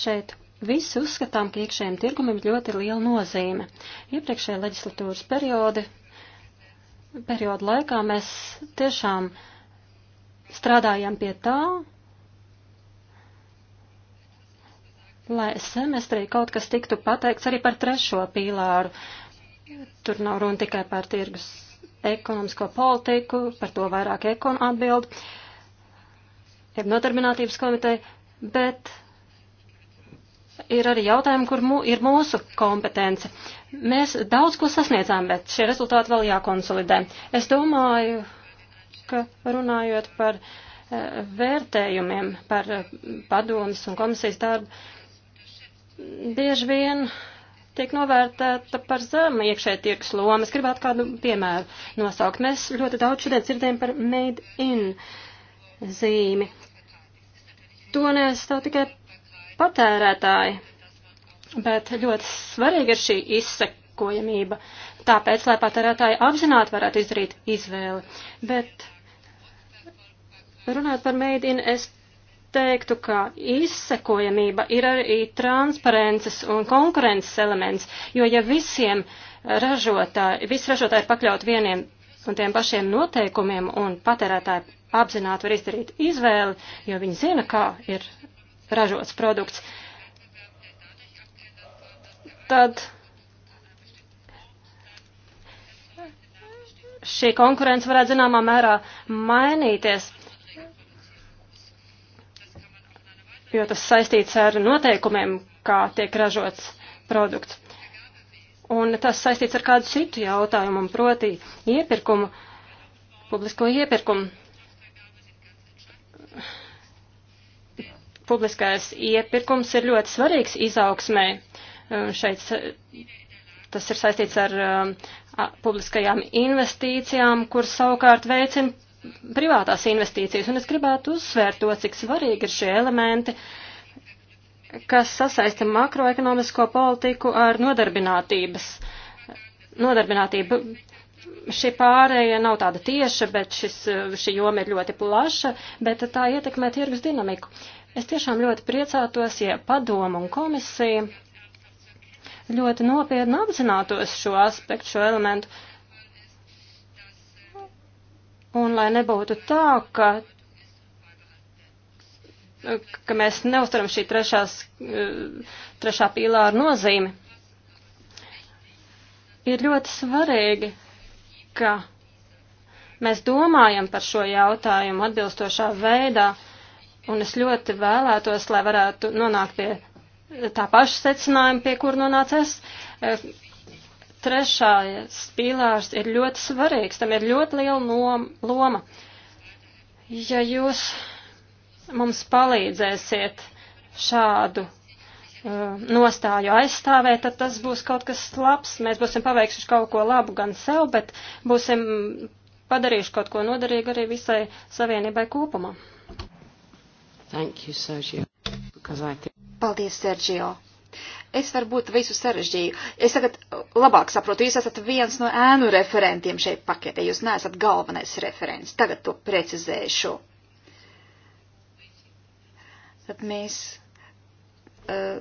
[SPEAKER 2] šeit visi uzskatām, ka iekšējiem tirgumiem ļoti liela nozīme. Iepriekšējā leģislatūras periodi, periodu laikā mēs tiešām strādājām pie tā, lai semestrī kaut kas tiktu pateikts arī par trešo pīlāru. Tur nav runa tikai par tirgus ekonomisko politiku, par to vairāk ekonu atbild, jeb nodarbinātības komiteja, bet ir arī jautājumi, kur mū, ir mūsu kompetence. Mēs daudz ko sasniedzām, bet šie rezultāti vēl jākonsolidē. Es domāju, ka runājot par eh, vērtējumiem, par eh, padomas un komisijas darbu, bieži vien tiek novērtēta par zemu iekšēja tirgus loma. Es gribētu kādu piemēru nosaukt. Mēs ļoti daudz šodien dzirdējam par made in zīmi. To neaizstāv tikai patērētāji, bet ļoti svarīga ir šī izsekojamība. Tāpēc, lai patērētāji apzināti varētu izdarīt izvēli. Bet runāt par made in, es teiktu, ka izsekojamība ir arī transparences un konkurences elements, jo ja visiem ražotāji, visi ražotāji ir pakļaut vieniem un tiem pašiem noteikumiem un patērētāji apzināti var izdarīt izvēli, jo viņi zina, kā ir ražots produkts, tad šī konkurence varētu zināmā mērā mainīties. jo tas saistīts ar noteikumiem, kā tiek ražots produkts. Un tas saistīts ar kādu citu jautājumu, proti iepirkumu, publisko iepirkumu. Publiskais iepirkums ir ļoti svarīgs izaugsmē. Uh, šeit tas ir saistīts ar uh, publiskajām investīcijām, kur savukārt veicina privātās investīcijas, un es gribētu uzsvērt to, cik svarīgi ir šie elementi, kas sasaista makroekonomisko politiku ar nodarbinātības. Nodarbinātība šī pārēja nav tāda tieša, bet šis, šī joma ir ļoti plaša, bet tā ietekmē tirgus dinamiku. Es tiešām ļoti priecātos, ja padoma un komisija ļoti nopietni apzinātos šo aspektu, šo elementu. Uh, Un lai nebūtu tā, ka, ka mēs neuztaram šī trešās, trešā pīlāra nozīmi, ir ļoti svarīgi, ka mēs domājam par šo jautājumu atbilstošā veidā, un es ļoti vēlētos, lai varētu nonākt pie tā paša secinājuma, pie kur nonācis es, Trešais pīlārs ir ļoti svarīgs, tam ir ļoti liela loma. Ja jūs mums palīdzēsiet šādu uh, nostāju aizstāvēt, tad tas būs kaut kas labs. Mēs būsim paveikuši kaut ko labu gan sev, bet būsim padarījuši kaut ko noderīgu arī visai savienībai kopumā. Thank
[SPEAKER 3] you, Sergio. Paldies,
[SPEAKER 1] Sergio. Es varbūt visu sarežģīju. Es tagad labāk saprotu, jūs esat viens no ēnu referentiem šeit paketē, jūs neesat galvenais referents. Tagad to precizēšu. Tad mēs, eh,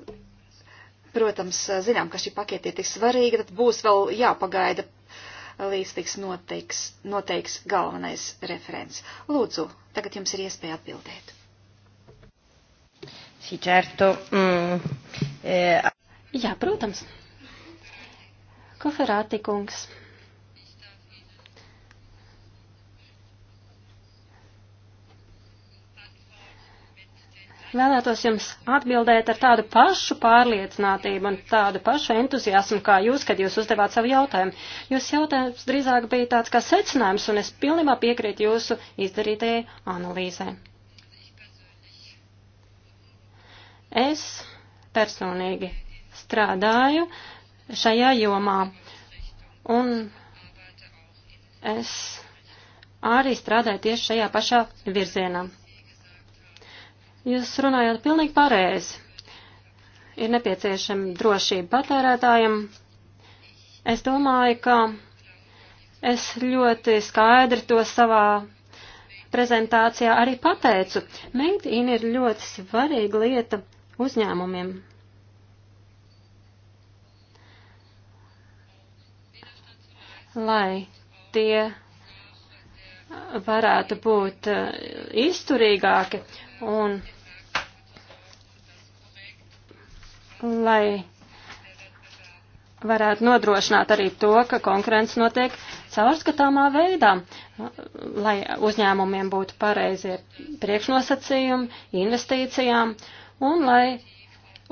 [SPEAKER 1] protams, zinām, ka šī pakete ir tik svarīga, tad būs vēl jāpagaida, līdz tiks noteiks, noteiks galvenais referents. Lūdzu, tagad jums ir iespēja atbildēt.
[SPEAKER 2] Sì, certo. Mm. Eh, Jā, protams. Koferāti kungs. Vēlētos jums atbildēt ar tādu pašu pārliecinātību un tādu pašu entuziasmu, kā jūs, kad jūs uzdevāt savu jautājumu. Jūs jautājums drīzāk bija tāds kā secinājums, un es pilnībā piekrītu jūsu izdarītajai analīzē. Es personīgi strādāju šajā jomā. Un es arī strādāju tieši šajā pašā virzienā. Jūs runājāt pilnīgi pareizi. Ir nepieciešama drošība patērētājiem. Es domāju, ka es ļoti skaidri to savā prezentācijā arī pateicu. Made in ir ļoti svarīga lieta uzņēmumiem. lai tie varētu būt uh, izturīgāki un lai varētu nodrošināt arī to, ka konkurence notiek caurskatāmā veidā, lai uzņēmumiem būtu pareizie priekšnosacījumi investīcijām un lai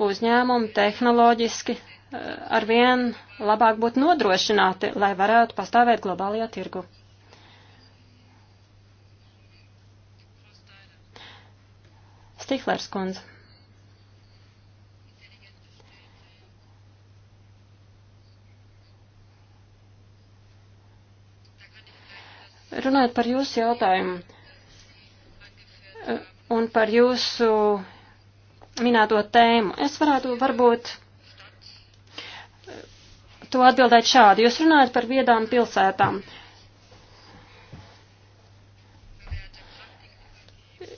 [SPEAKER 2] uzņēmumi tehnoloģiski Eh, arvien labāk būtu nodrošināti, lai varētu pastāvēt globālajā tirgu. Stiklers kundze. Runājot par jūsu jautājumu eh, un par jūsu minēto tēmu, es varētu varbūt to atbildēt šādi. Jūs runājat par viedām pilsētām.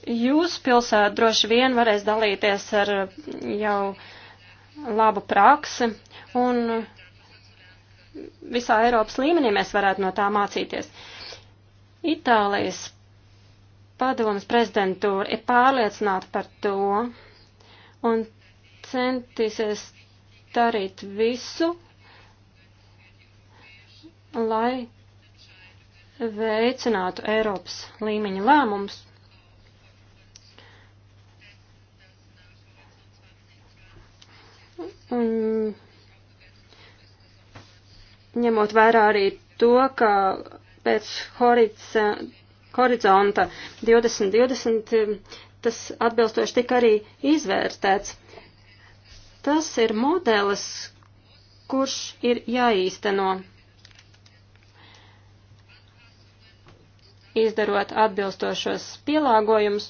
[SPEAKER 2] Jūs pilsēta droši vien varēs dalīties ar jau labu praksi, un visā Eiropas līmenī mēs varētu no tā mācīties. Itālijas padomas prezidentūra ir pārliecināta par to un centīsies darīt visu, lai veicinātu Eiropas līmeņa lēmumus. Un ņemot vērā arī to, ka pēc horizonta 2020 tas atbilstoši tika arī izvērtēts. Tas ir modelis, kurš ir jāīsteno. izdarot atbilstošos pielāgojumus.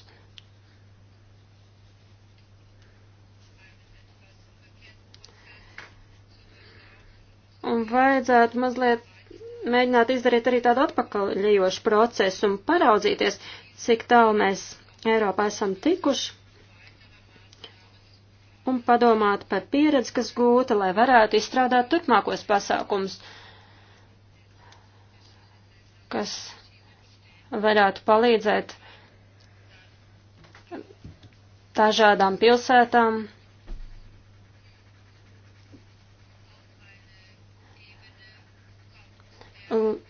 [SPEAKER 2] Un vajadzētu mazliet mēģināt izdarīt arī tādu atpakaļējošu procesu un paraudzīties, cik tālu mēs Eiropā esam tikuši, un padomāt par pieredzi, kas gūta, lai varētu izstrādāt turpmākos pasākums, kas varētu palīdzēt dažādām pilsētām.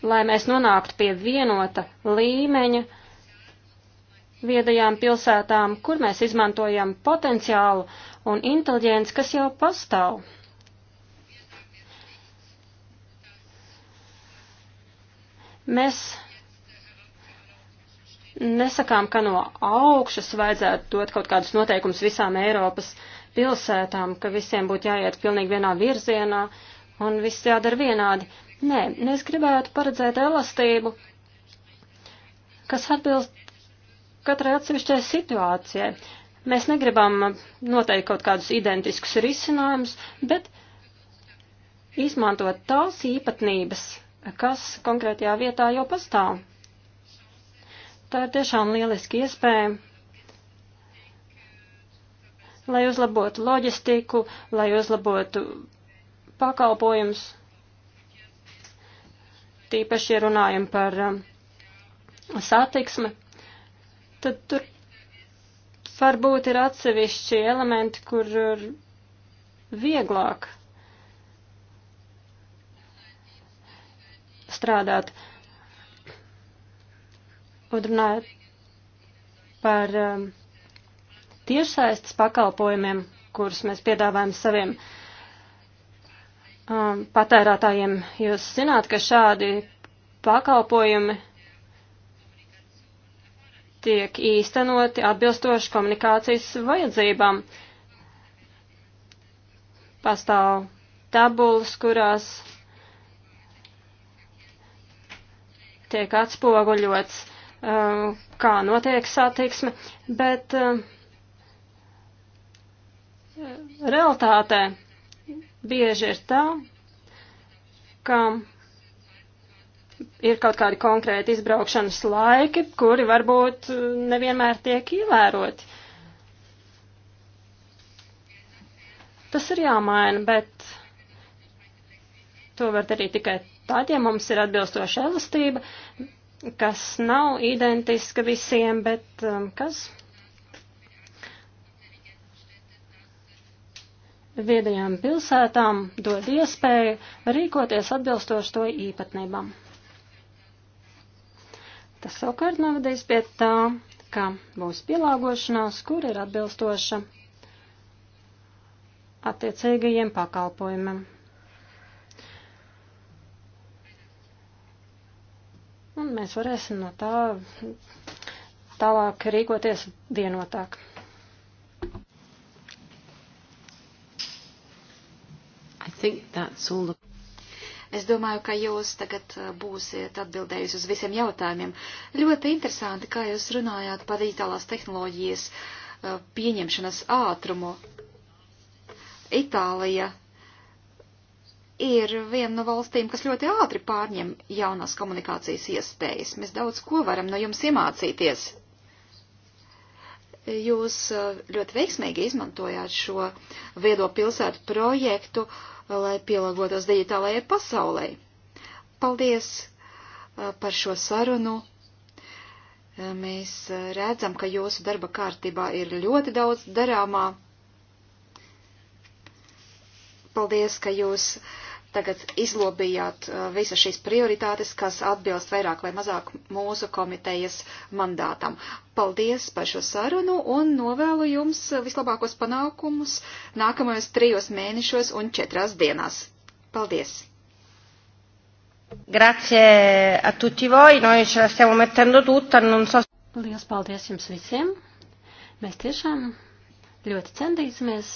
[SPEAKER 2] Lai mēs nonāktu pie vienota līmeņa viedajām pilsētām, kur mēs izmantojam potenciālu un inteliģenci, kas jau pastāv. Mēs Nesakām, ka no augšas vajadzētu dot kaut kādus noteikumus visām Eiropas pilsētām, ka visiem būtu jāiet pilnīgi vienā virzienā un viss jādara vienādi. Nē, mēs gribētu paredzēt elastību, kas atbilst katrai atsevišķai situācijai. Mēs negribam noteikt kaut kādus identiskus risinājumus, bet izmantot tās īpatnības, kas konkrētajā vietā jau pastāv. Tā ir tiešām lieliski iespēja, lai uzlabotu loģistiku, lai uzlabotu pakalpojumus, tīpaši, ja runājam par um, satiksmi, tad tur varbūt ir atsevišķi elementi, kur ir vieglāk strādāt. Uh, Un runājot par um, tiešsaistes pakalpojumiem, kurus mēs piedāvājam saviem um, patērētājiem, jūs zināt, ka šādi pakalpojumi tiek īstenoti atbilstoši komunikācijas vajadzībām. Pastāv tabulas, kurās tiek atspoguļots Eh, kā notiek satiksme, bet eh, realitātē bieži ir tā, ka ir kaut kādi konkrēti izbraukšanas laiki, kuri varbūt eh, nevienmēr tiek ievēroti. Tas ir jāmaina, bet to var darīt tikai tad, ja mums ir atbilstoša elastība, kas nav identiska visiem, bet um, kas? Viedajām pilsētām dod iespēju rīkoties atbilstoši to īpatnībām. Tas savukārt novadīs pie tā, ka būs pielāgošanās, kur ir atbilstoša attiecīgajiem pakalpojumiem. un mēs varēsim no tā tālāk rīkoties vienotāk. The...
[SPEAKER 1] Es domāju, ka jūs tagad uh, būsiet atbildējusi uz visiem jautājumiem. Ļoti interesanti, kā jūs runājāt par digitālās tehnoloģijas uh, pieņemšanas ātrumu. Itālija ir viena no valstīm, kas ļoti ātri pārņem jaunās komunikācijas iespējas. Mēs daudz ko varam no jums iemācīties. Jūs uh, ļoti veiksmīgi izmantojāt šo viedo pilsētu projektu, lai pielāgotos digitālajai pasaulē. Paldies uh, par šo sarunu. Uh, mēs redzam, ka jūsu darba kārtībā ir ļoti daudz darāmā paldies, ka jūs tagad izlobījāt uh, visas šīs prioritātes, kas atbilst vairāk vai mazāk mūsu komitejas mandātam. Paldies par šo sarunu un novēlu jums vislabākos panākumus nākamajos trijos mēnešos un četrās dienās. Paldies!
[SPEAKER 2] Grazie a tutti voi, noi ce la stiamo mettendo tutta, non so. Liels paldies jums visiem! Mēs tiešām ļoti centīsimies.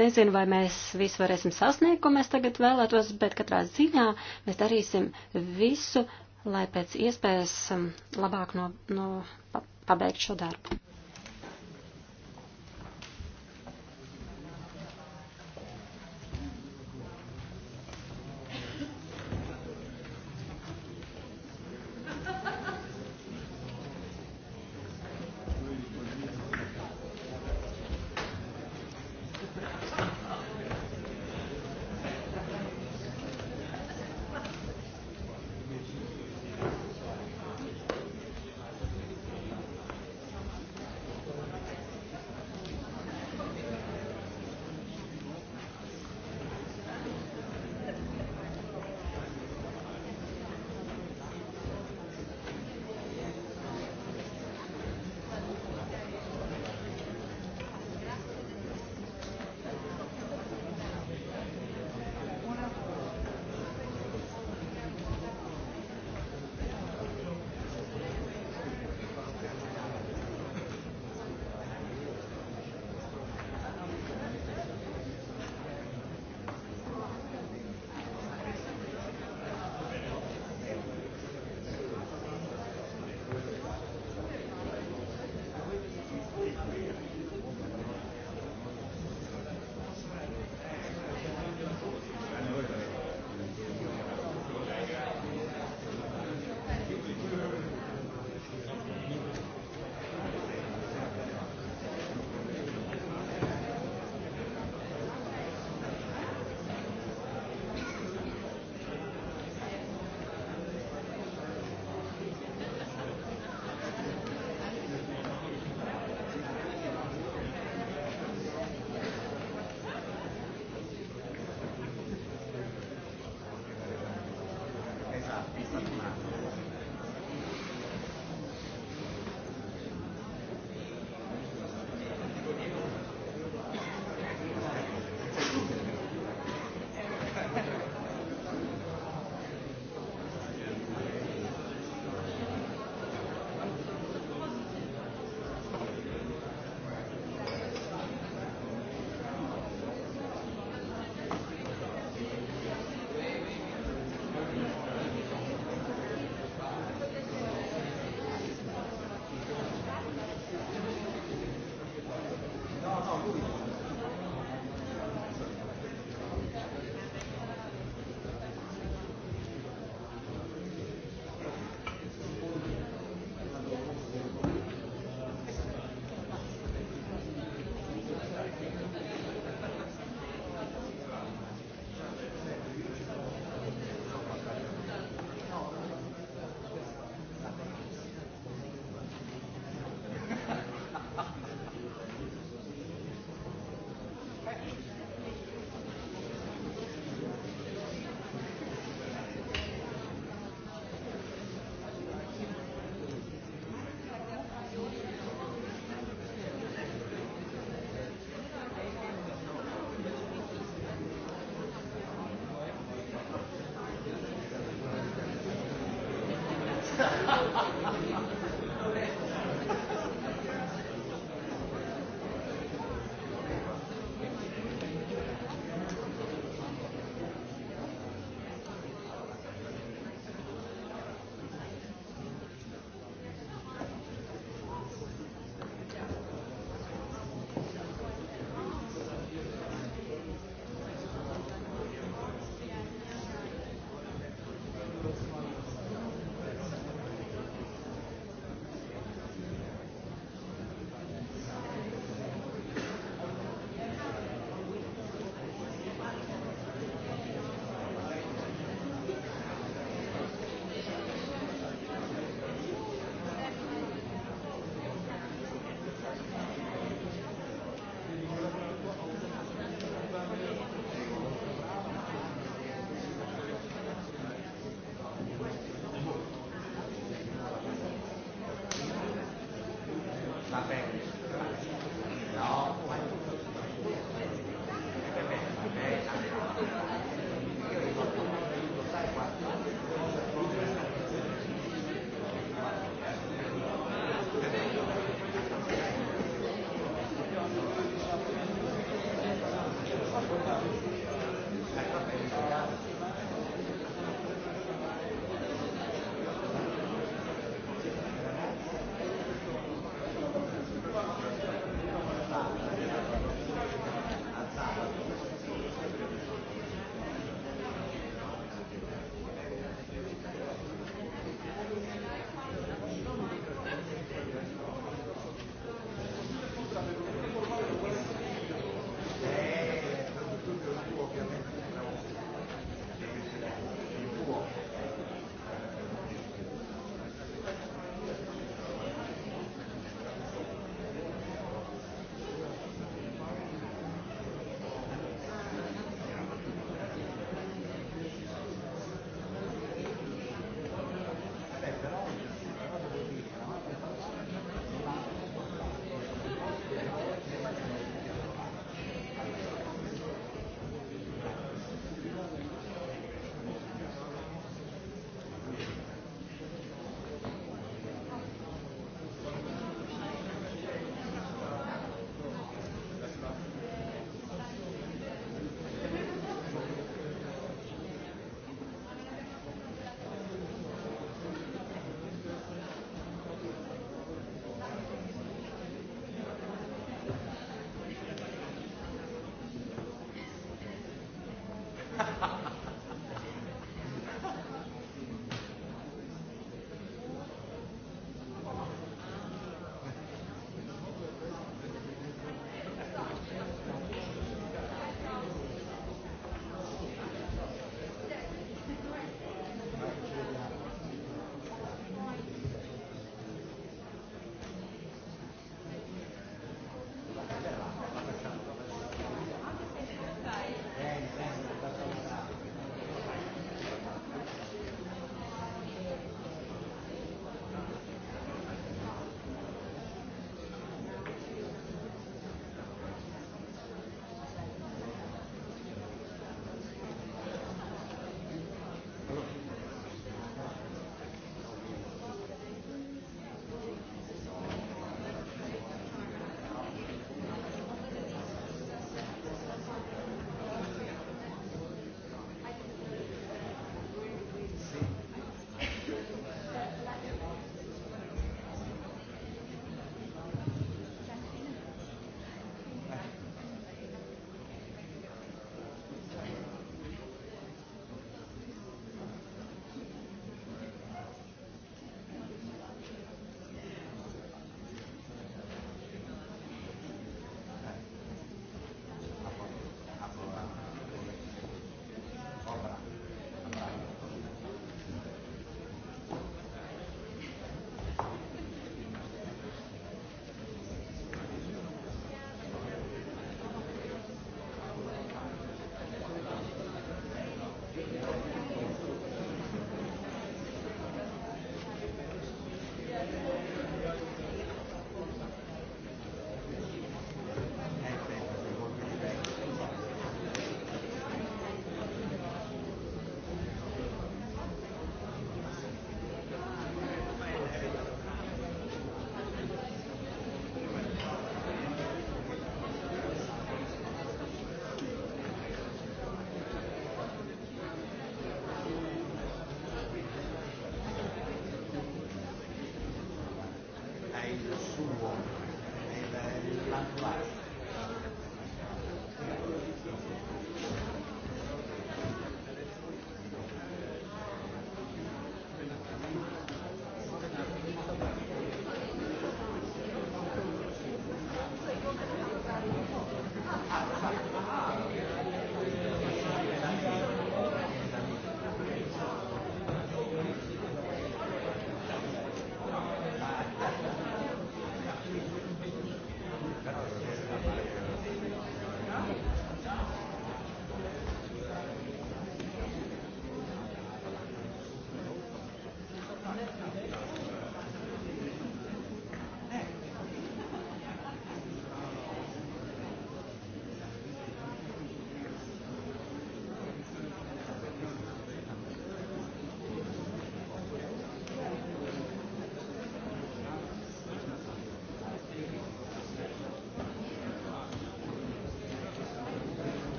[SPEAKER 2] Nezinu, vai mēs visu varēsim sasniegt, ko mēs tagad vēlētos, bet katrā ziņā mēs darīsim visu, lai pēc iespējas um, labāk no, no pabeigtu šo darbu.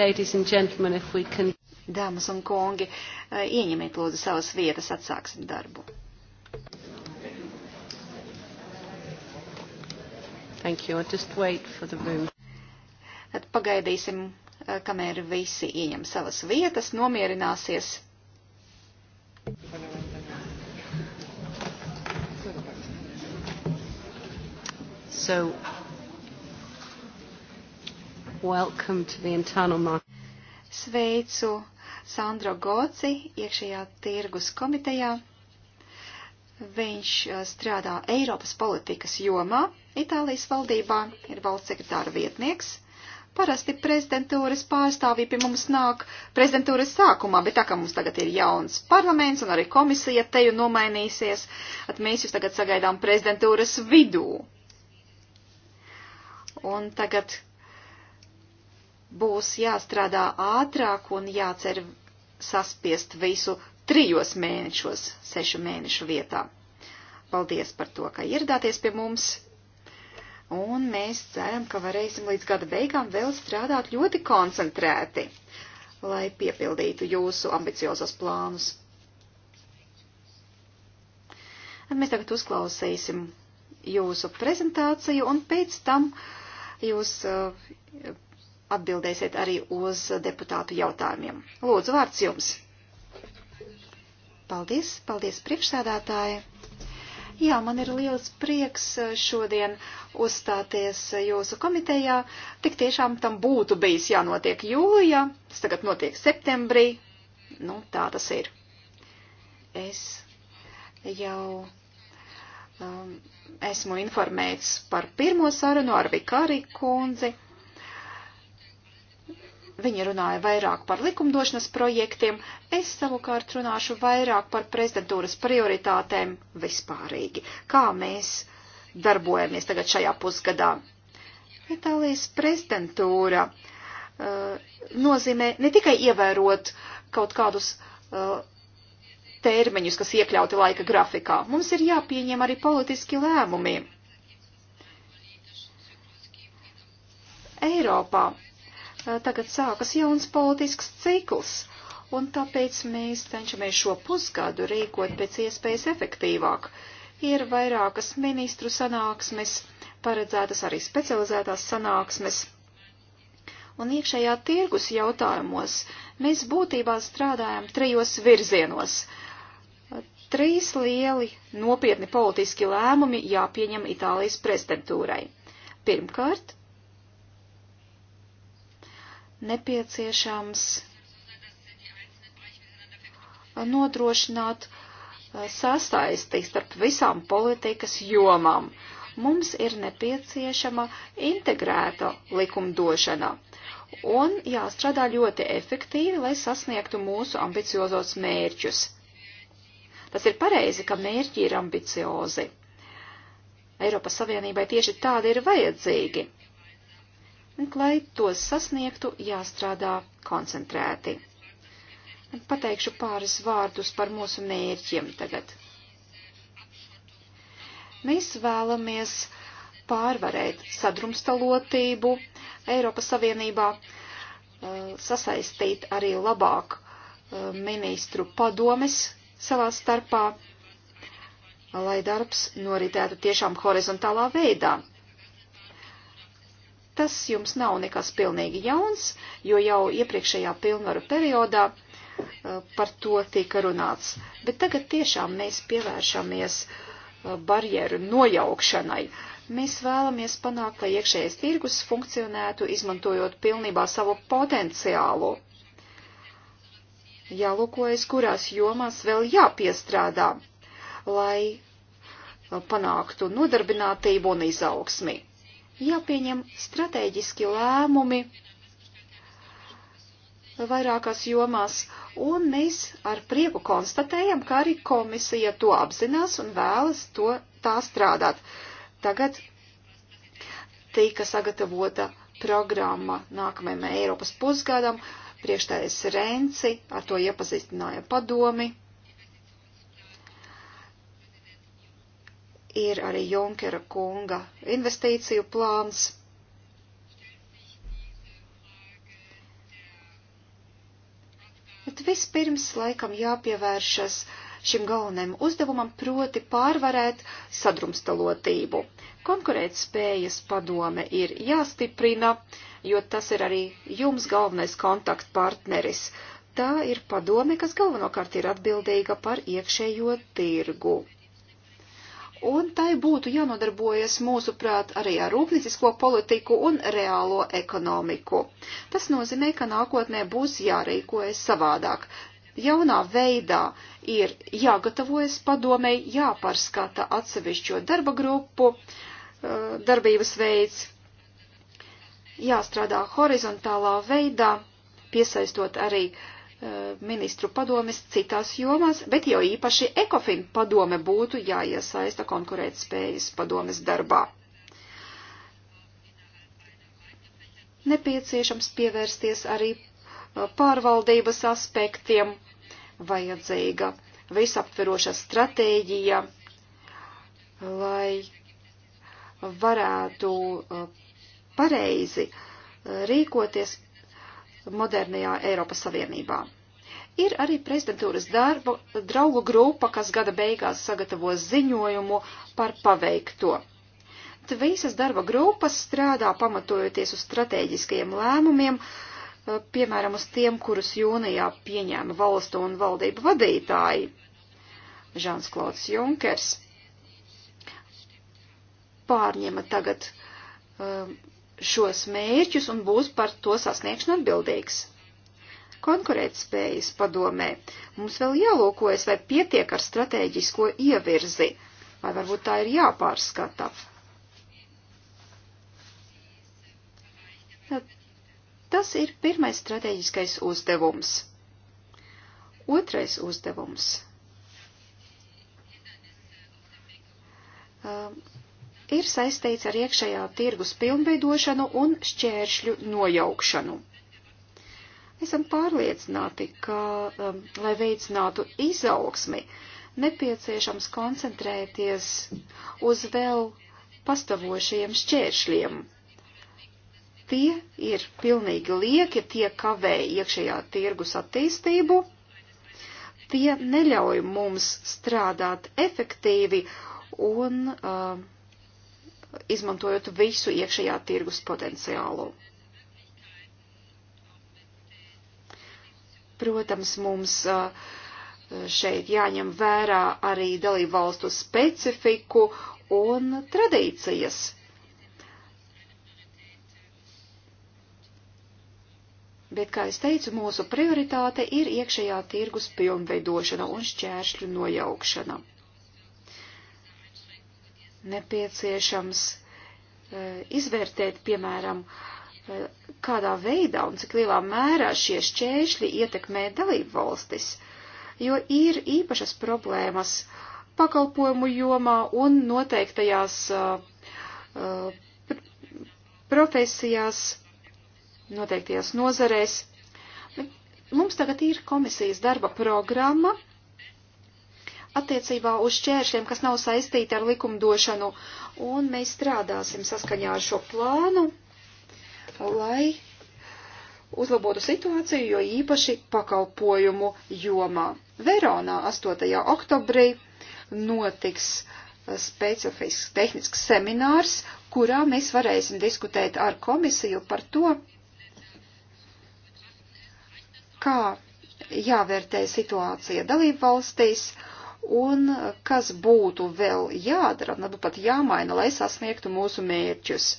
[SPEAKER 1] ladies and gentlemen, if we can. Dāmas un kungi, eh, ieņemiet lūdzu savas vietas, atsāksim darbu. Thank you.
[SPEAKER 2] I'll just wait for the room.
[SPEAKER 1] Tad pagaidīsim, eh, kamēr visi ieņem savas vietas, nomierināsies.
[SPEAKER 2] So Welcome to the internal market.
[SPEAKER 1] Sveicu Sandro Goci iekšējā tirgus komitejā. Viņš eh, strādā Eiropas politikas jomā Itālijas valdībā, ir valsts sekretāra vietnieks. Parasti prezidentūras pārstāvji pie mums nāk prezidentūras sākumā, bet tā kā mums tagad ir jauns parlaments un arī komisija te jau nomainīsies, tad mēs jūs tagad sagaidām prezidentūras vidū. Un tagad būs jāstrādā ātrāk un jācer saspiest visu trijos mēnešos, sešu mēnešu vietā. Paldies par to, ka ieradāties pie mums, un mēs ceram, ka varēsim līdz gada beigām vēl strādāt ļoti koncentrēti, lai piepildītu jūsu ambiciozos plānus. Mēs tagad uzklausīsim jūsu prezentāciju, un pēc tam jūs uh, atbildēsiet arī uz deputātu jautājumiem. Lūdzu, vārds jums. Paldies, paldies priekšsēdētāji. Jā, man ir liels prieks šodien uzstāties jūsu komitejā. Tik tiešām tam būtu bijis jānotiek jūlijā, tas tagad notiek septembrī. Nu, tā tas ir. Es jau um, esmu informēts par pirmo sarunu ar Vikāri kundzi. Viņa runāja vairāk par likumdošanas projektiem, es savukārt runāšu vairāk par prezidentūras prioritātēm vispārīgi, kā mēs darbojamies tagad šajā pusgadā. Itālijas prezidentūra uh, nozīmē ne tikai ievērot kaut kādus uh, termiņus, kas iekļauti laika grafikā. Mums ir jāpieņem arī politiski lēmumi. Eiropā Eh, tagad sākas jauns politisks cikls, un tāpēc mēs cenšamies šo pusgadu rīkot pēc iespējas efektīvāk. Ir vairākas ministru sanāksmes, paredzētas arī specializētās sanāksmes. Un iekšējā tirgus jautājumos mēs būtībā strādājam trijos virzienos. Trīs lieli nopietni politiski lēmumi jāpieņem Itālijas prezidentūrai. Pirmkārt, nepieciešams nodrošināt uh, sasaisti starp visām politikas jomām. Mums ir nepieciešama integrēta likumdošana un jāstrādā ļoti efektīvi, lai sasniegtu mūsu ambiciozos mērķus. Tas ir pareizi, ka mērķi ir ambiciozi. Eiropas Savienībai tieši tādi ir vajadzīgi un, lai tos sasniegtu, jāstrādā koncentrēti. Pateikšu pāris vārdus par mūsu mērķiem tagad. Mēs vēlamies pārvarēt sadrumstalotību Eiropas Savienībā, eh, sasaistīt arī labāk eh, ministru padomes savā starpā, lai darbs noritētu tiešām horizontālā veidā. Tas jums nav nekas pilnīgi jauns, jo jau iepriekšējā pilnvaru periodā eh, par to tika runāts. Bet tagad tiešām mēs pievēršamies eh, barjeru nojaukšanai. Mēs vēlamies panākt, lai iekšējais tirgus funkcionētu, izmantojot pilnībā savu potenciālu. Jālūkojas, kurās jomās vēl jāpiestrādā, lai eh, panāktu nodarbinātību un izaugsmi jāpieņem strateģiski lēmumi vairākās jomās, un mēs ar prieku konstatējam, ka arī komisija to apzinās un vēlas to tā strādāt. Tagad tika sagatavota programma nākamajam Eiropas pusgadam, priekšstājas Renci, ar to iepazīstināja padomi. ir arī Junkera kunga investīciju plāns. Bet vispirms laikam jāpievēršas šim galvenajam uzdevumam, proti pārvarēt sadrumstalotību. Konkurētspējas padome ir jāstiprina, jo tas ir arī jums galvenais kontaktpartneris. Tā ir padome, kas galvenokārt ir atbildīga par iekšējo tirgu un tai būtu jānodarbojas mūsuprāt arī ar rūpnicisko politiku un reālo ekonomiku. Tas nozīmē, ka nākotnē būs jārīkojas savādāk. Jaunā veidā ir jāgatavojas padomei, jāpārskata atsevišķo darba grupu, eh, darbības veids, jāstrādā horizontālā veidā, piesaistot arī uh, Eh, ministru padomes citās jomās, bet jau īpaši ECOFIN padome būtu jāiesaista konkurētspējas padomes darbā. Nepieciešams pievērsties arī eh, pārvaldības aspektiem, vajadzīga visaptveroša stratēģija, lai varētu eh, pareizi rīkoties modernajā Eiropas Savienībā. Ir arī prezidentūras darbu draugu grupa, kas gada beigās sagatavos ziņojumu par paveikto. T visas darba grupas strādā pamatojoties uz strateģiskajiem lēmumiem, eh, piemēram, uz tiem, kurus jūnijā pieņēma valstu un valdību vadītāji. Žans Klauds Junkers pārņēma tagad um, šos mērķus un būs par to sasniegšanu atbildīgs. Konkurētspējas padomē mums vēl jālūkojas, vai pietiek ar strateģisko ievirzi, vai varbūt tā ir jāpārskata. Tad tas ir pirmais strateģiskais uzdevums. Otrais uzdevums. Um, ir saistīts ar iekšējā tirgus pilnveidošanu un šķēršļu nojaukšanu. Esam pārliecināti, ka, um, lai veicinātu izaugsmi, nepieciešams koncentrēties uz vēl pastavošajiem šķēršļiem. Tie ir pilnīgi lieki, tie kavē iekšējā tirgus attīstību, tie neļauj mums strādāt efektīvi un uh, um, izmantojot visu iekšējā tirgus potenciālu. Protams, mums šeit jāņem vērā arī dalību valstu specifiku un tradīcijas. Bet, kā es teicu, mūsu prioritāte ir iekšējā tirgus pilnveidošana un šķēršļu nojaukšana nepieciešams eh, izvērtēt, piemēram, eh, kādā veidā un cik lielā mērā šie šķēršļi ietekmē dalību valstis, jo ir īpašas problēmas pakalpojumu jomā un noteiktajās eh, profesijās, noteiktajās nozarēs. Mums tagad ir komisijas darba programma, attiecībā uz šķēršļiem, kas nav saistīti ar likumdošanu, un mēs strādāsim saskaņā ar šo plānu, lai uzlabotu situāciju, jo īpaši pakalpojumu jomā. Veronā 8. oktobrī notiks eh, specifisks tehnisks seminārs, kurā mēs varēsim diskutēt ar komisiju par to, kā jāvērtē situācija dalību valstīs un kas būtu vēl jādara, nu pat jāmaina, lai sasniegtu mūsu mērķus.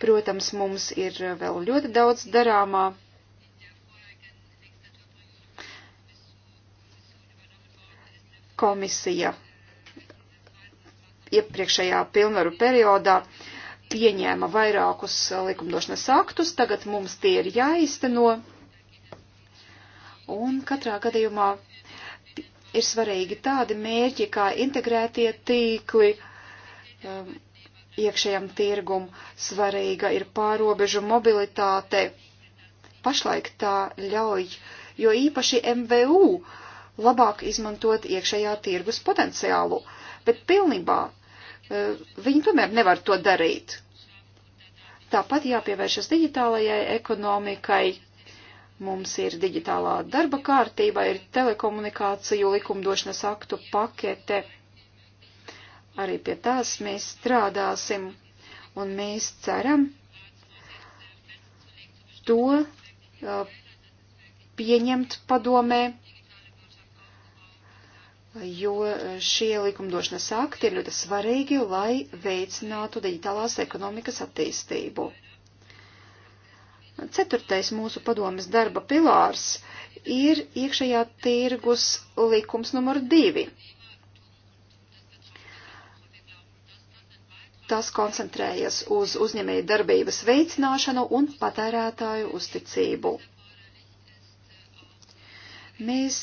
[SPEAKER 1] Protams, mums ir vēl ļoti daudz darāmā. Komisija iepriekšējā pilnvaru periodā pieņēma vairākus likumdošanas aktus, tagad mums tie ir jāizteno. Un katrā gadījumā ir svarīgi tādi mērķi kā integrētie tīkli um, iekšējam tirgum, svarīga ir pārobežu mobilitāte. Pašlaik tā ļauj, jo īpaši MVU labāk izmantot iekšējā tirgus potenciālu, bet pilnībā um, viņi tomēr nevar to darīt. Tāpat jāpievēršas digitālajai ekonomikai Mums ir digitālā darba kārtība, ir telekomunikāciju likumdošanas aktu pakete. Arī pie tās mēs strādāsim un mēs ceram to pieņemt padomē, jo šie likumdošanas akti ir ļoti svarīgi, lai veicinātu digitālās ekonomikas attīstību. Ceturtais mūsu padomas darba pilārs ir iekšējā tirgus likums numur divi. Tas koncentrējas uz uzņēmēju darbības veicināšanu un patērētāju uzticību. Mēs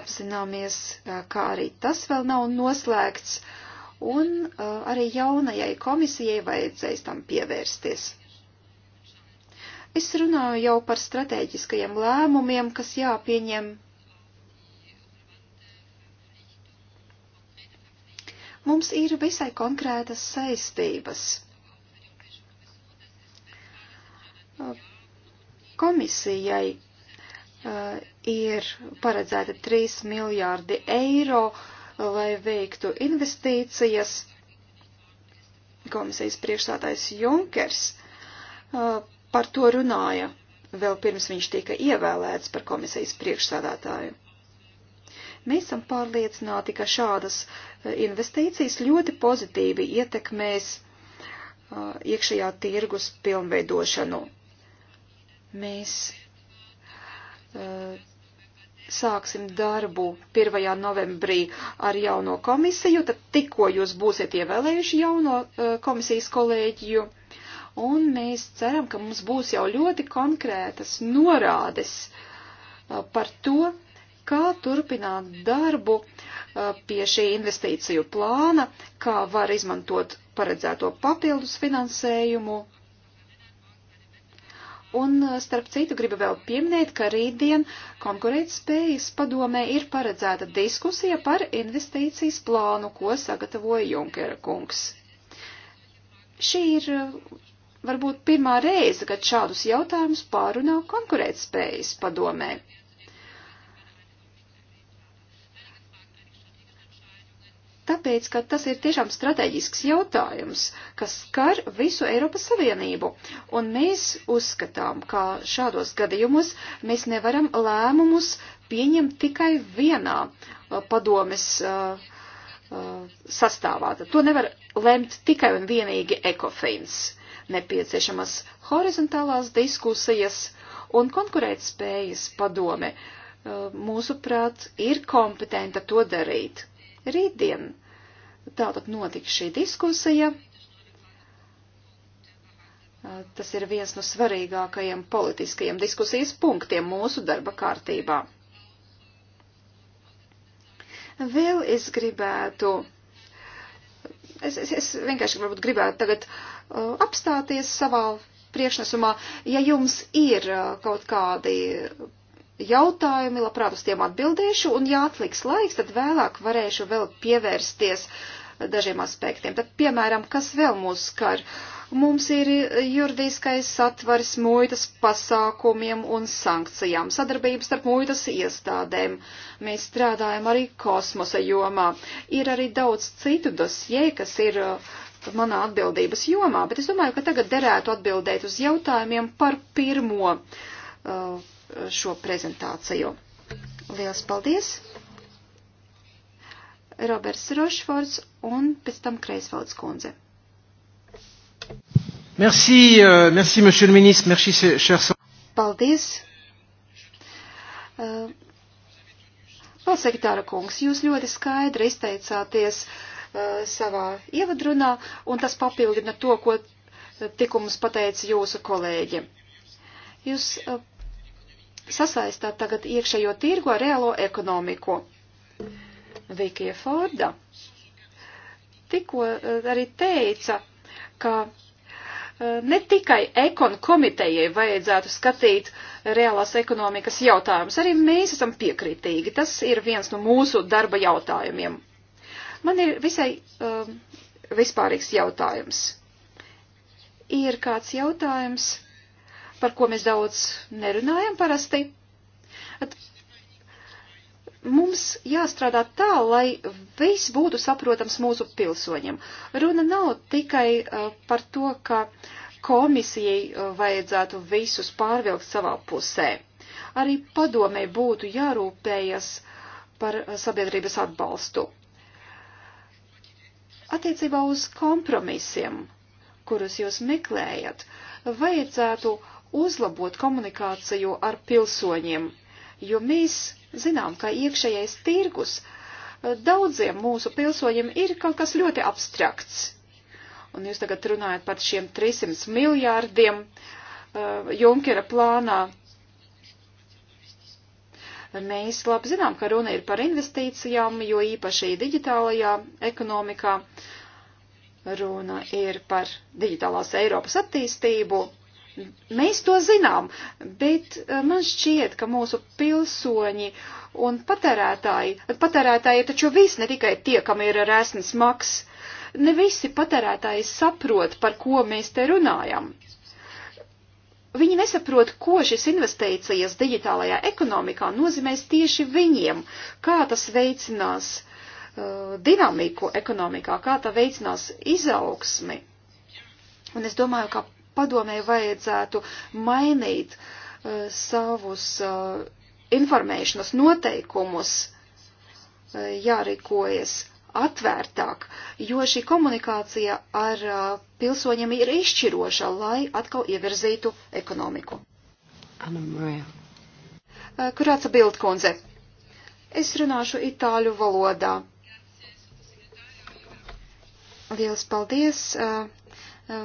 [SPEAKER 1] apzināmies, ka arī tas vēl nav noslēgts, un uh, arī jaunajai komisijai vajadzēs tam pievērsties. Es runāju jau par strateģiskajiem lēmumiem, kas jāpieņem. Mums ir visai konkrētas saistības. Komisijai uh, ir paredzēta 3 miljārdi eiro, uh, lai veiktu investīcijas. Komisijas priekšstādājs Junkers uh, par to runāja vēl pirms viņš tika ievēlēts par komisijas priekšsādātāju. Mēs esam pārliecināti, ka šādas e, investīcijas ļoti pozitīvi ietekmēs uh, iekšējā tirgus pilnveidošanu. Mēs uh, sāksim darbu 1. novembrī ar jauno komisiju, tad tikko jūs būsiet ievēlējuši jauno uh, komisijas kolēģiju un mēs ceram, ka mums būs jau ļoti konkrētas norādes uh, par to, kā turpināt darbu uh, pie šī investīciju plāna, kā var izmantot paredzēto papildus finansējumu. Un uh, starp citu gribu vēl pieminēt, ka rītdien konkurētspējas padomē ir paredzēta diskusija par investīcijas plānu, ko sagatavoja Junkera kungs. Šī ir varbūt pirmā reize, kad šādus jautājumus pārunā konkurētspējas padomē. Tāpēc, ka tas ir tiešām strateģisks jautājums, kas skar visu Eiropas Savienību, un mēs uzskatām, ka šādos gadījumos mēs nevaram lēmumus pieņemt tikai vienā uh, padomes uh, uh, sastāvā. To nevar lemt tikai un vienīgi ekofeins nepieciešamas horizontālās diskusijas un konkurētspējas padome. Uh, mūsuprāt, ir kompetenta to darīt. Rītdien tātad notiks šī diskusija. Uh, tas ir viens no svarīgākajiem politiskajiem diskusijas punktiem mūsu darba kārtībā. Vēl es gribētu, es, es, es vienkārši varbūt gribētu tagad uh, Uh, apstāties savā priekšnesumā. Ja jums ir uh, kaut kādi jautājumi, labprāt uz tiem atbildēšu, un ja atliks laiks, tad vēlāk varēšu vēl pievērsties dažiem aspektiem. Tad, piemēram, kas vēl mūs skar? Mums ir juridiskais satvars muitas pasākumiem un sankcijām, sadarbības starp muitas iestādēm. Mēs strādājam arī kosmosa jomā. Ir arī daudz citu dosie, kas ir uh, manā atbildības jomā, bet es domāju, ka tagad derētu atbildēt uz jautājumiem par pirmo uh, šo prezentāciju. Lielas paldies! Roberts Rošfords un pēc tam Kreisvalds kundze.
[SPEAKER 3] Merci, uh, merci, monsieur le ministre, merci, cher.
[SPEAKER 1] Paldies! Uh, Pasektāra kungs, jūs ļoti skaidri izteicāties uh, savā ievadrunā, un tas papildina to, ko tikko mums pateica jūsu kolēģi. Jūs sasaistāt tagad iekšējo tirgu ar reālo ekonomiku. Vikija Forda tikko arī teica, ka ne tikai ekon komitejai vajadzētu skatīt reālās ekonomikas jautājumus, arī mēs esam piekritīgi. Tas ir viens no mūsu darba jautājumiem. Man ir visai um, vispārīgs jautājums. Ir kāds jautājums, par ko mēs daudz nerunājam parasti. At mums jāstrādā tā, lai viss būtu saprotams mūsu pilsoņiem. Runa nav tikai uh, par to, ka komisijai uh, vajadzētu visus pārvilkt savā pusē. Arī padomē būtu jārūpējas par uh, sabiedrības atbalstu. Attiecībā uz kompromisiem, kurus jūs meklējat, vajadzētu uzlabot komunikāciju ar pilsoņiem, jo mēs zinām, ka iekšējais tirgus eh, daudziem mūsu pilsoņiem ir kaut kas ļoti abstrakts. Un jūs tagad runājat par šiem 300 miljārdiem uh, Junkera plānā. Mēs labi zinām, ka runa ir par investīcijām, jo īpaši digitālajā ekonomikā runa ir par digitālās Eiropas attīstību. Mēs to zinām, bet eh, man šķiet, ka mūsu pilsoņi un patērētāji, patērētāji taču visi ne tikai tie, kam ir rēsnes maks, ne visi patērētāji saprot, par ko mēs te runājam. Viņi nesaprot, ko šis investīcijas digitālajā ekonomikā nozīmēs tieši viņiem, kā tas veicinās uh, dinamiku ekonomikā, kā tā veicinās izaugsmi. Un es domāju, ka padomēji vajadzētu mainīt uh, savus uh, informēšanas noteikumus, uh, jārīkojas atvērtāk, jo šī komunikācija ar uh, pilsoņiem ir izšķiroša, lai atkal ievirzītu ekonomiku. Anna Marija. Uh, kurāca Bildkundze. Es runāšu itāļu valodā. Lielas paldies, uh,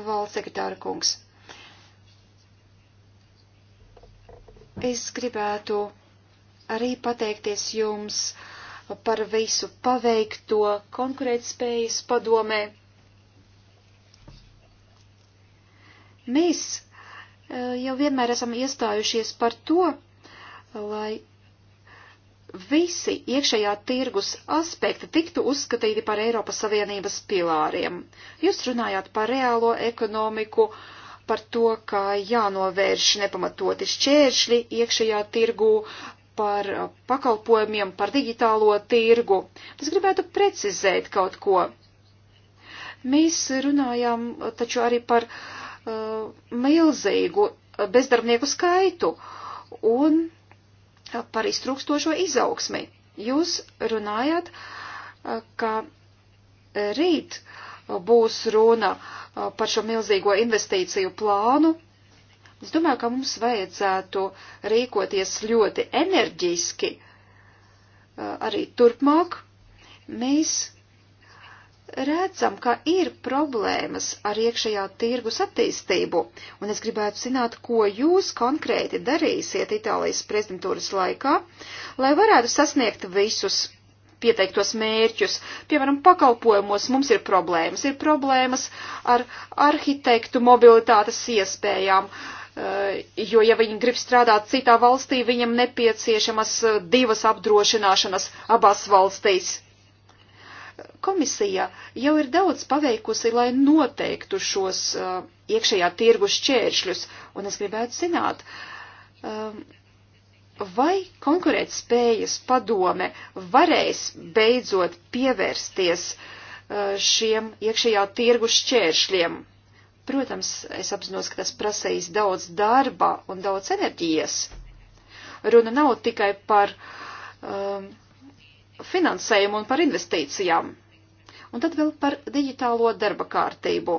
[SPEAKER 1] valsts sekretāra kungs. Es gribētu arī pateikties jums uh, par visu paveikto konkurētspējas padomē. Mēs eh, jau vienmēr esam iestājušies par to, lai visi iekšējā tirgus aspekti tiktu uzskatīti par Eiropas Savienības pilāriem. Jūs runājāt par reālo ekonomiku, par to, ka jānovērš nepamatoti šķēršļi iekšējā tirgū, par uh, pakalpojumiem, par digitālo tirgu. Es gribētu precizēt kaut ko. Mēs runājām uh, taču arī par uh, milzīgu uh, bezdarbnieku skaitu un par iztrūkstošo izaugsmi. Jūs runājāt, ka rīt būs runa par šo milzīgo investīciju plānu Es domāju, ka mums vajadzētu rīkoties ļoti enerģiski uh, arī turpmāk. Mēs redzam, ka ir problēmas ar iekšējā tirgus attīstību, un es gribētu zināt, ko jūs konkrēti darīsiet Itālijas prezidentūras laikā, lai varētu sasniegt visus pieteiktos mērķus. Piemēram, pakalpojumos mums ir problēmas. Ir problēmas ar arhitektu mobilitātes iespējām, uh, Eh, jo, ja viņi grib strādāt citā valstī, viņam nepieciešamas eh, divas apdrošināšanas abās valstīs. Komisija jau ir daudz paveikusi, lai noteiktu šos eh, iekšējā tirgus šķēršļus, un es gribētu zināt, vai konkurētspējas padome varēs beidzot pievērsties šiem iekšējā tirgus šķēršļiem Protams, es apzinos, ka tas prasīs daudz darba un daudz enerģijas. Runa nav tikai par um, finansējumu un par investīcijām. Un tad vēl par digitālo darba kārtību.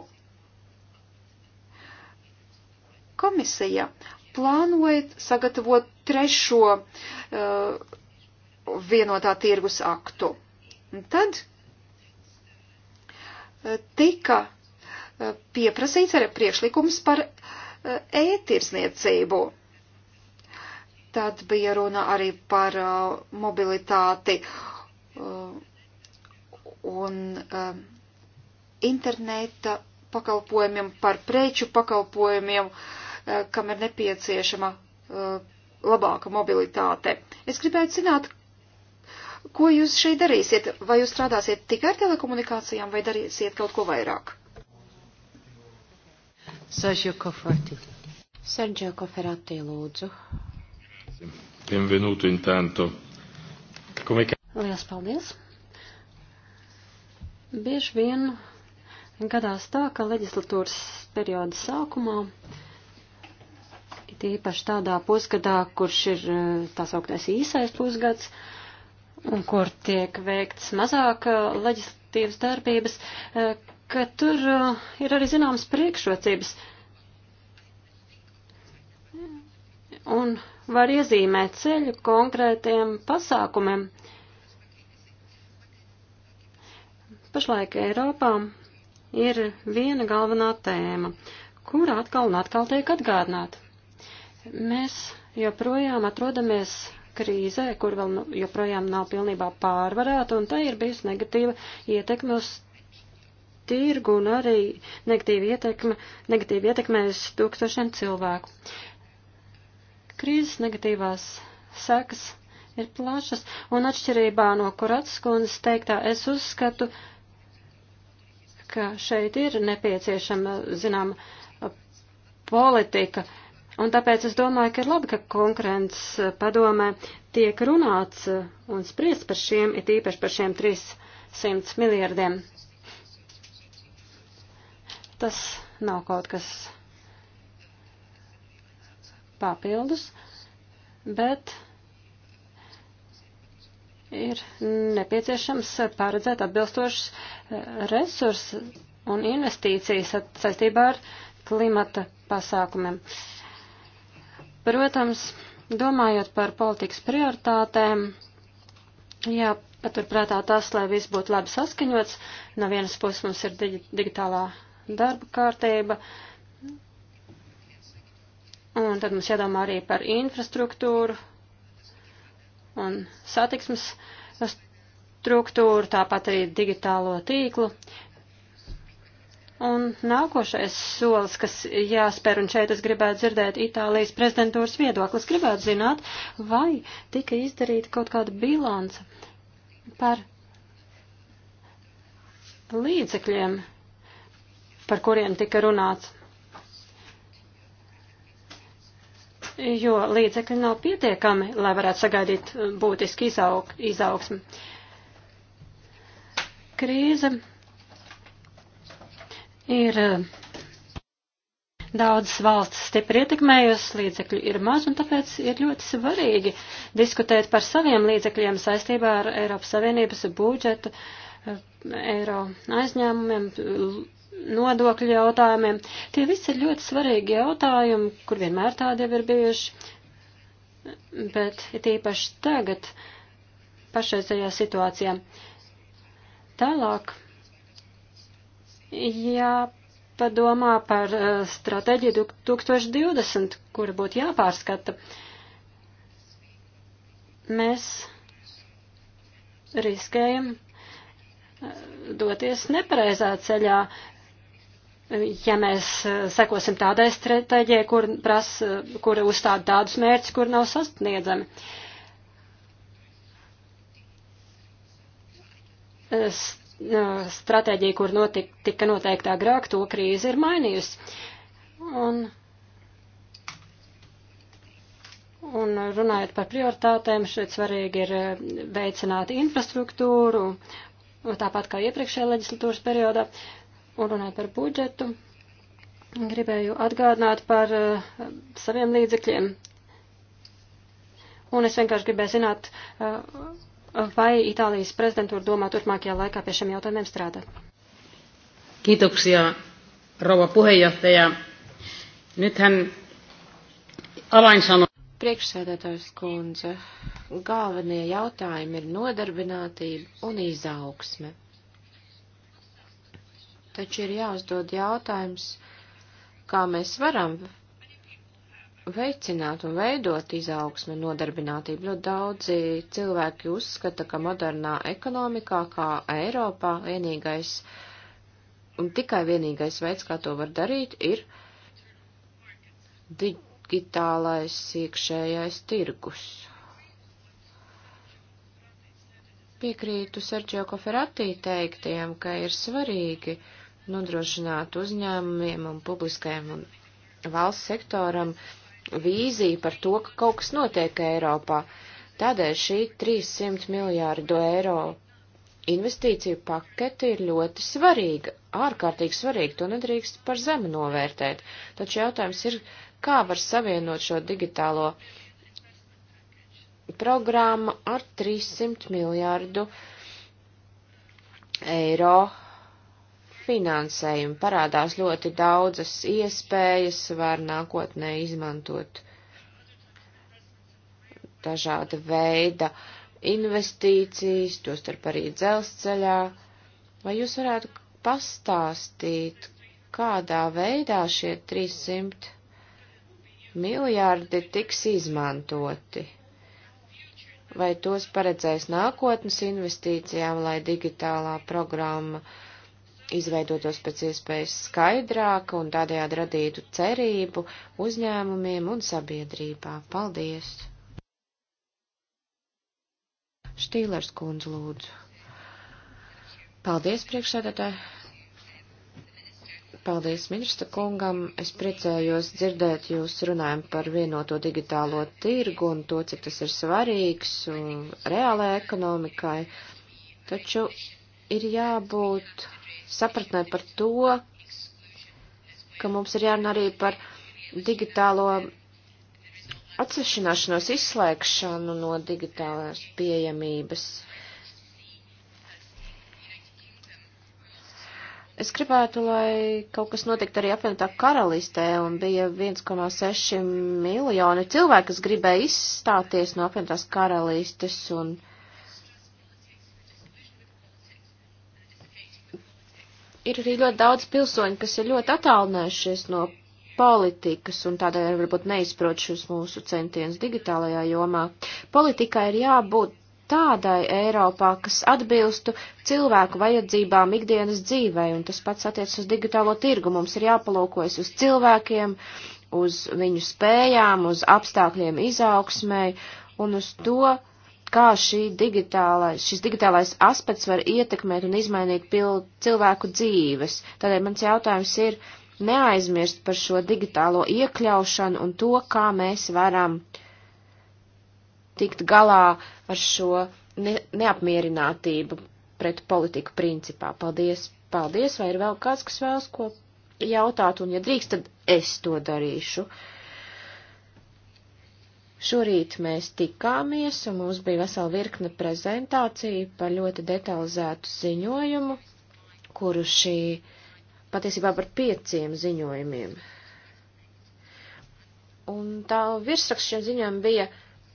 [SPEAKER 1] Komisija plānoja sagatavot trešo uh, vienotā tirgus aktu. Un tad uh, tika pieprasīts arī priekšlikums par ētirsniecību. Eh, e Tad bija runa arī par eh, mobilitāti eh, un interneta pakalpojumiem, par preču pakalpojumiem, kam ir nepieciešama labāka mobilitāte. Es gribētu zināt, ko jūs šeit darīsiet? Vai jūs strādāsiet tikai ar telekomunikācijām vai darīsiet kaut ko vairāk?
[SPEAKER 3] Sergio Cofferati. Sergio Cofferati, lūdzu.
[SPEAKER 4] Benvenuto intanto. Come...
[SPEAKER 2] Lielas paldies. Bieži vien gadās tā, ka leģislatūras perioda sākumā, it īpaši tādā pusgadā, kurš ir eh, tā sauktais īsais pusgads, un kur tiek veikts mazāk eh, leģislatīvas darbības, eh, ka tur uh, ir arī zināmas priekšrocības un var iezīmēt ceļu konkrētiem pasākumiem. Pašlaik Eiropā ir viena galvenā tēma, kura atkal un atkal tiek atgādināta. Mēs joprojām atrodamies krīzē, kur vēl nu- joprojām nav pilnībā pārvarēta, un tā ir bijusi negatīva ietekme uz tirgu un arī negatīvi, ietekme, negatīvi ietekmēs tūkstošiem cilvēku. Krīzes negatīvās sekas ir plašas, un atšķirībā no Kurats kundzes teiktā es uzskatu, ka šeit ir nepieciešama, zinām, politika, un tāpēc es domāju, ka ir labi, ka konkurences padomē tiek runāts un spriest par šiem, it īpaši par šiem 300 miljardiem. Tas nav kaut kas papildus, bet ir nepieciešams paredzēt atbilstošas e, resursus un investīcijas saistībā ar klimata pasākumiem. Protams, domājot par politikas prioritātēm, jāpaturprātā tas, lai viss būtu labi saskaņots. No vienas puses mums ir digi digitālā darba kārtība. Un tad mums jādomā arī par infrastruktūru un satiksmes struktūru, tāpat arī digitālo tīklu. Un nākošais solis, kas jāspēr, un šeit es gribētu dzirdēt Itālijas prezidentūras viedoklis, gribētu zināt, vai tika izdarīta kaut kāda bilance par līdzekļiem, par kuriem tika runāts. Jo līdzekļi nav pietiekami, lai varētu sagaidīt eh, būtiski izaug, izaugsmi. Krīze ir eh, daudzas valsts stipri ietekmējusi, līdzekļu ir maz, un tāpēc ir ļoti svarīgi diskutēt par saviem līdzekļiem saistībā ar Eiropas Savienības budžetu, eh, eiro aizņēmumiem, nodokļu jautājumiem. Tie visi ir ļoti svarīgi jautājumi, kur vienmēr tādi jau ir bijuši, bet ir īpaši tagad pašreizējā situācijā. Tālāk jāpadomā par uh, stratēģiju 2020, kura būtu jāpārskata. Mēs riskējam uh, doties nepareizā ceļā, ja mēs eh, sekosim tādai stratēģijai, kur, pras, eh, kur uzstāda tādus mērķus, kur nav sasniedzami. Eh, Stratēģija, kur notik, tika noteikta agrāk, to krīze ir mainījusi. Un, un runājot par prioritātēm, šeit svarīgi ir veicināt infrastruktūru, tāpat kā iepriekšējā leģislatūras periodā. Uh, un runāja par budžetu. Gribēju atgādināt par uh, saviem līdzekļiem. Un es vienkārši gribēju zināt, uh, vai Itālijas prezidentūra domā turpmākajā laikā pie šiem jautājumiem strādāt. Kiitoksia, rouva puheenjohtaja. Nythän alainsano. Priekšsēdētājs
[SPEAKER 3] kundze, galvenie jautājumi ir nodarbinātība un izaugsme. Taču ir jāuzdod jautājums, kā mēs varam veicināt un veidot izaugsmi un nodarbinātību. Ļoti daudzi cilvēki uzskata, ka modernā ekonomikā, kā Eiropā, vienīgais un tikai vienīgais veids, kā to var darīt, ir digitālais iekšējais tirgus. Piekrītu Sergio Koferatī teiktiem, ka ir svarīgi uh, nodrošināt uzņēmumiem un publiskajam un valsts sektoram vīziju par to, ka kaut kas notiek Eiropā. Tādēļ šī 300 miljārdu eiro investīciju paketi ir ļoti svarīga, ārkārtīgi svarīga, to nedrīkst par zemu novērtēt. Taču jautājums ir, kā var savienot šo digitālo programmu ar 300 miljārdu eiro finansējumu. Parādās ļoti daudzas iespējas, var nākotnē izmantot dažāda veida investīcijas, tostarp arī dzelzceļā. Vai jūs varētu pastāstīt, kādā veidā šie 300 miljārdi tiks izmantoti? Vai tos paredzēs nākotnes investīcijām, lai digitālā programma uh, izveidotos pēc iespējas skaidrāk un tādējādi radītu cerību uzņēmumiem un sabiedrībā. Paldies! Štīlers kundz lūdzu. Paldies, priekšsēdētāji! Paldies ministra kungam. Es priecājos dzirdēt jūs runājam par vienoto digitālo tirgu un to, cik tas ir svarīgs reālai ekonomikai. Taču ir jābūt sapratnē par to, ka mums ir jārunā arī par digitālo atsešanāšanos, izslēgšanu no digitālās pieejamības. Es gribētu, lai kaut kas notiktu arī apvienotā karalistē, un bija 1,6 miljoni cilvēki, kas gribēja izstāties no apvienotās karalistes, un ir arī ļoti daudz pilsoņu, kas ir ļoti attālinājušies no politikas un tādēļ varbūt neizprot šos mūsu centienus digitālajā jomā. Politikai ir jābūt tādai Eiropā, kas atbilstu cilvēku vajadzībām ikdienas dzīvē, un tas pats attiec uz digitālo tirgu. Mums ir jāpalūkojas uz cilvēkiem, uz viņu spējām, uz apstākļiem izaugsmai un uz to, kā šī digitālai, šis digitālais aspekts var ietekmēt un izmainīt pil, cilvēku dzīves. Tādēļ mans jautājums ir neaizmirst par šo digitālo iekļaušanu un to, kā mēs varam tikt galā ar šo ne, neapmierinātību pret politiku principā. Paldies! Paldies! Vai ir vēl kāds, kas vēlas ko jautāt? Un, ja drīkst, tad es to darīšu. Uh, Šorīt mēs tikāmies, un mums bija vesela virkne prezentāciju par ļoti detalizētu ziņojumu, kuru šī patiesībā par pieciem ziņojumiem. Un tā virsraksts šiem ziņojumam bija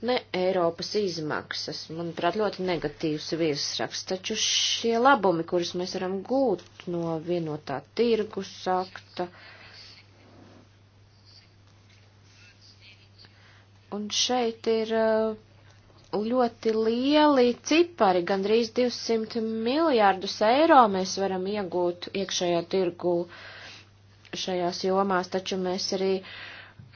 [SPEAKER 3] ne Eiropas izmaksas, manuprāt, ļoti negatīvs virsraksts, taču šie labumi, kurus mēs varam gūt no vienotā tirgus akta, uh, Un šeit ir uh, ļoti lieli cipari, gandrīz 200 miljārdus eiro mēs varam iegūt iekšējā tirgu šajās jomās, taču mēs arī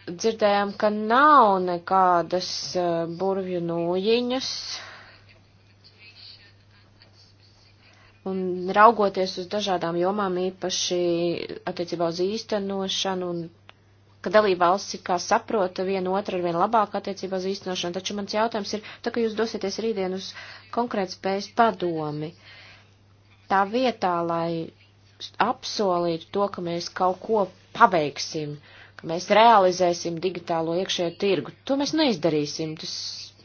[SPEAKER 3] dzirdējām, ka nav nekādas uh, burvju nūjiņas. Un raugoties uz dažādām jomām, īpaši attiecībā uz īstenošanu un ka dalībvalsts it kā saprota vienu otru ar vien labāk attiecībā uz īstenošanu, taču mans jautājums ir, tā kā jūs dosieties rītdien uz konkrētas spējas padomi, tā vietā, lai apsolītu to, ka mēs kaut ko paveiksim, ka mēs realizēsim digitālo iekšējo tirgu, to mēs neizdarīsim, tas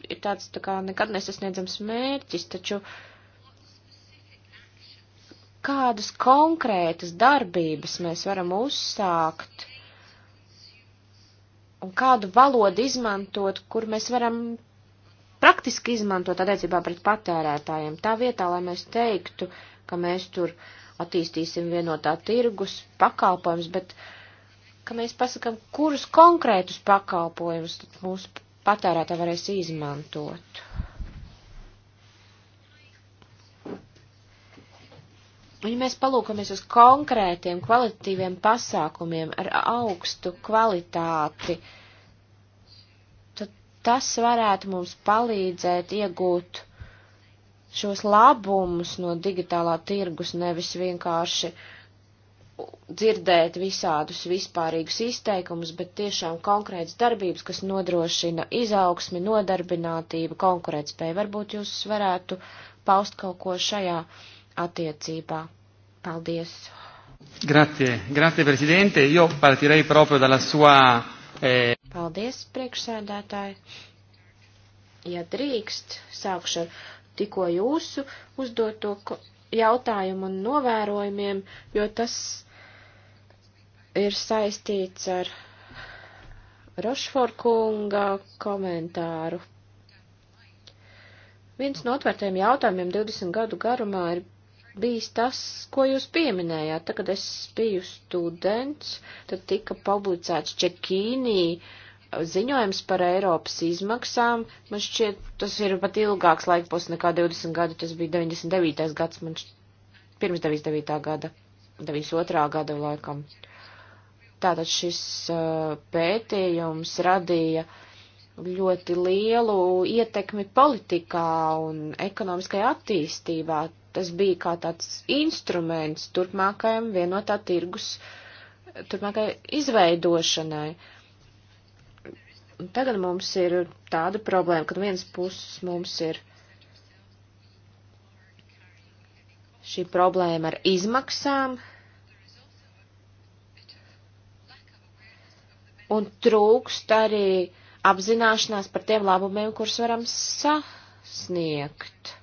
[SPEAKER 3] ir tāds tā kā nekad nesasniedzams mērķis, taču kādas konkrētas darbības mēs varam uzsākt, un kādu valodu izmantot, kur mēs varam praktiski izmantot attiecībā pret patērētājiem. Tā vietā, lai mēs teiktu, ka mēs tur attīstīsim vienotā tirgus pakalpojums, bet ka mēs pasakam, kurus konkrētus pakalpojumus mūsu patērētāji varēs izmantot. ja mēs palūkamies uz konkrētiem kvalitatīviem pasākumiem ar augstu kvalitāti, tad tas varētu mums palīdzēt iegūt šos labumus no digitālā tirgus, nevis vienkārši dzirdēt visādus vispārīgus izteikumus, bet tiešām konkrētas darbības, kas nodrošina izaugsmi, nodarbinātību, konkurētspēju. Varbūt jūs varētu paust kaut ko šajā attiecībā. Paldies!
[SPEAKER 4] Grazie, grazie, prezidente. Io partirei proprio dalla sua. Eh...
[SPEAKER 3] Paldies, priekšsēdētāji. Ja drīkst, sākšu ar tikko jūsu uzdoto jautājumu un novērojumiem, jo tas ir saistīts ar Rošforkunga komentāru. Viens no atvērtiem jautājumiem 20 gadu garumā ir bijis tas, ko jūs pieminējāt. Tad, kad es biju students, tad tika publicēts Čekīnī ziņojums par Eiropas izmaksām. Man šķiet, tas ir pat ilgāks laikpos nekā 20 gadi, tas bija 99. gads, man šķiet, pirms 99. gada, 92. gada laikam. Tātad šis uh, pētījums radīja ļoti lielu ietekmi politikā un ekonomiskai attīstībā tas bija kā tāds instruments turpmākajam vienotā tirgus, turpmākajai izveidošanai. Un tagad mums ir tāda problēma, ka viens puses mums ir šī problēma ar izmaksām un trūkst arī apzināšanās par tiem labumiem, kurus varam sasniegt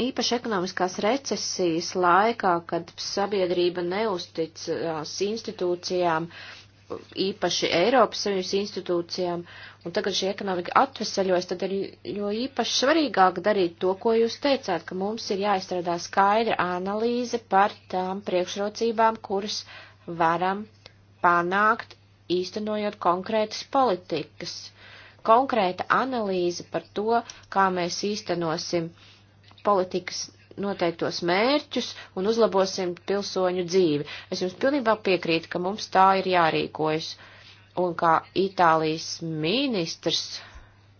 [SPEAKER 3] īpaši ekonomiskās recesijas laikā, kad sabiedrība neusticās institūcijām, īpaši Eiropas Savienības institūcijām, un tagad šī ekonomika atvesaļojas, tad ir jo īpaši svarīgāk darīt to, ko jūs teicāt, ka mums ir jāizstrādā skaidra analīze par tām priekšrocībām, kuras varam panākt, īstenojot konkrētas politikas. Konkrēta analīze par to, kā mēs īstenosim uh, politikas noteiktos mērķus un uzlabosim pilsoņu dzīvi. Es jums pilnībā piekrītu, ka mums tā ir jārīkojas. Un kā Itālijas ministrs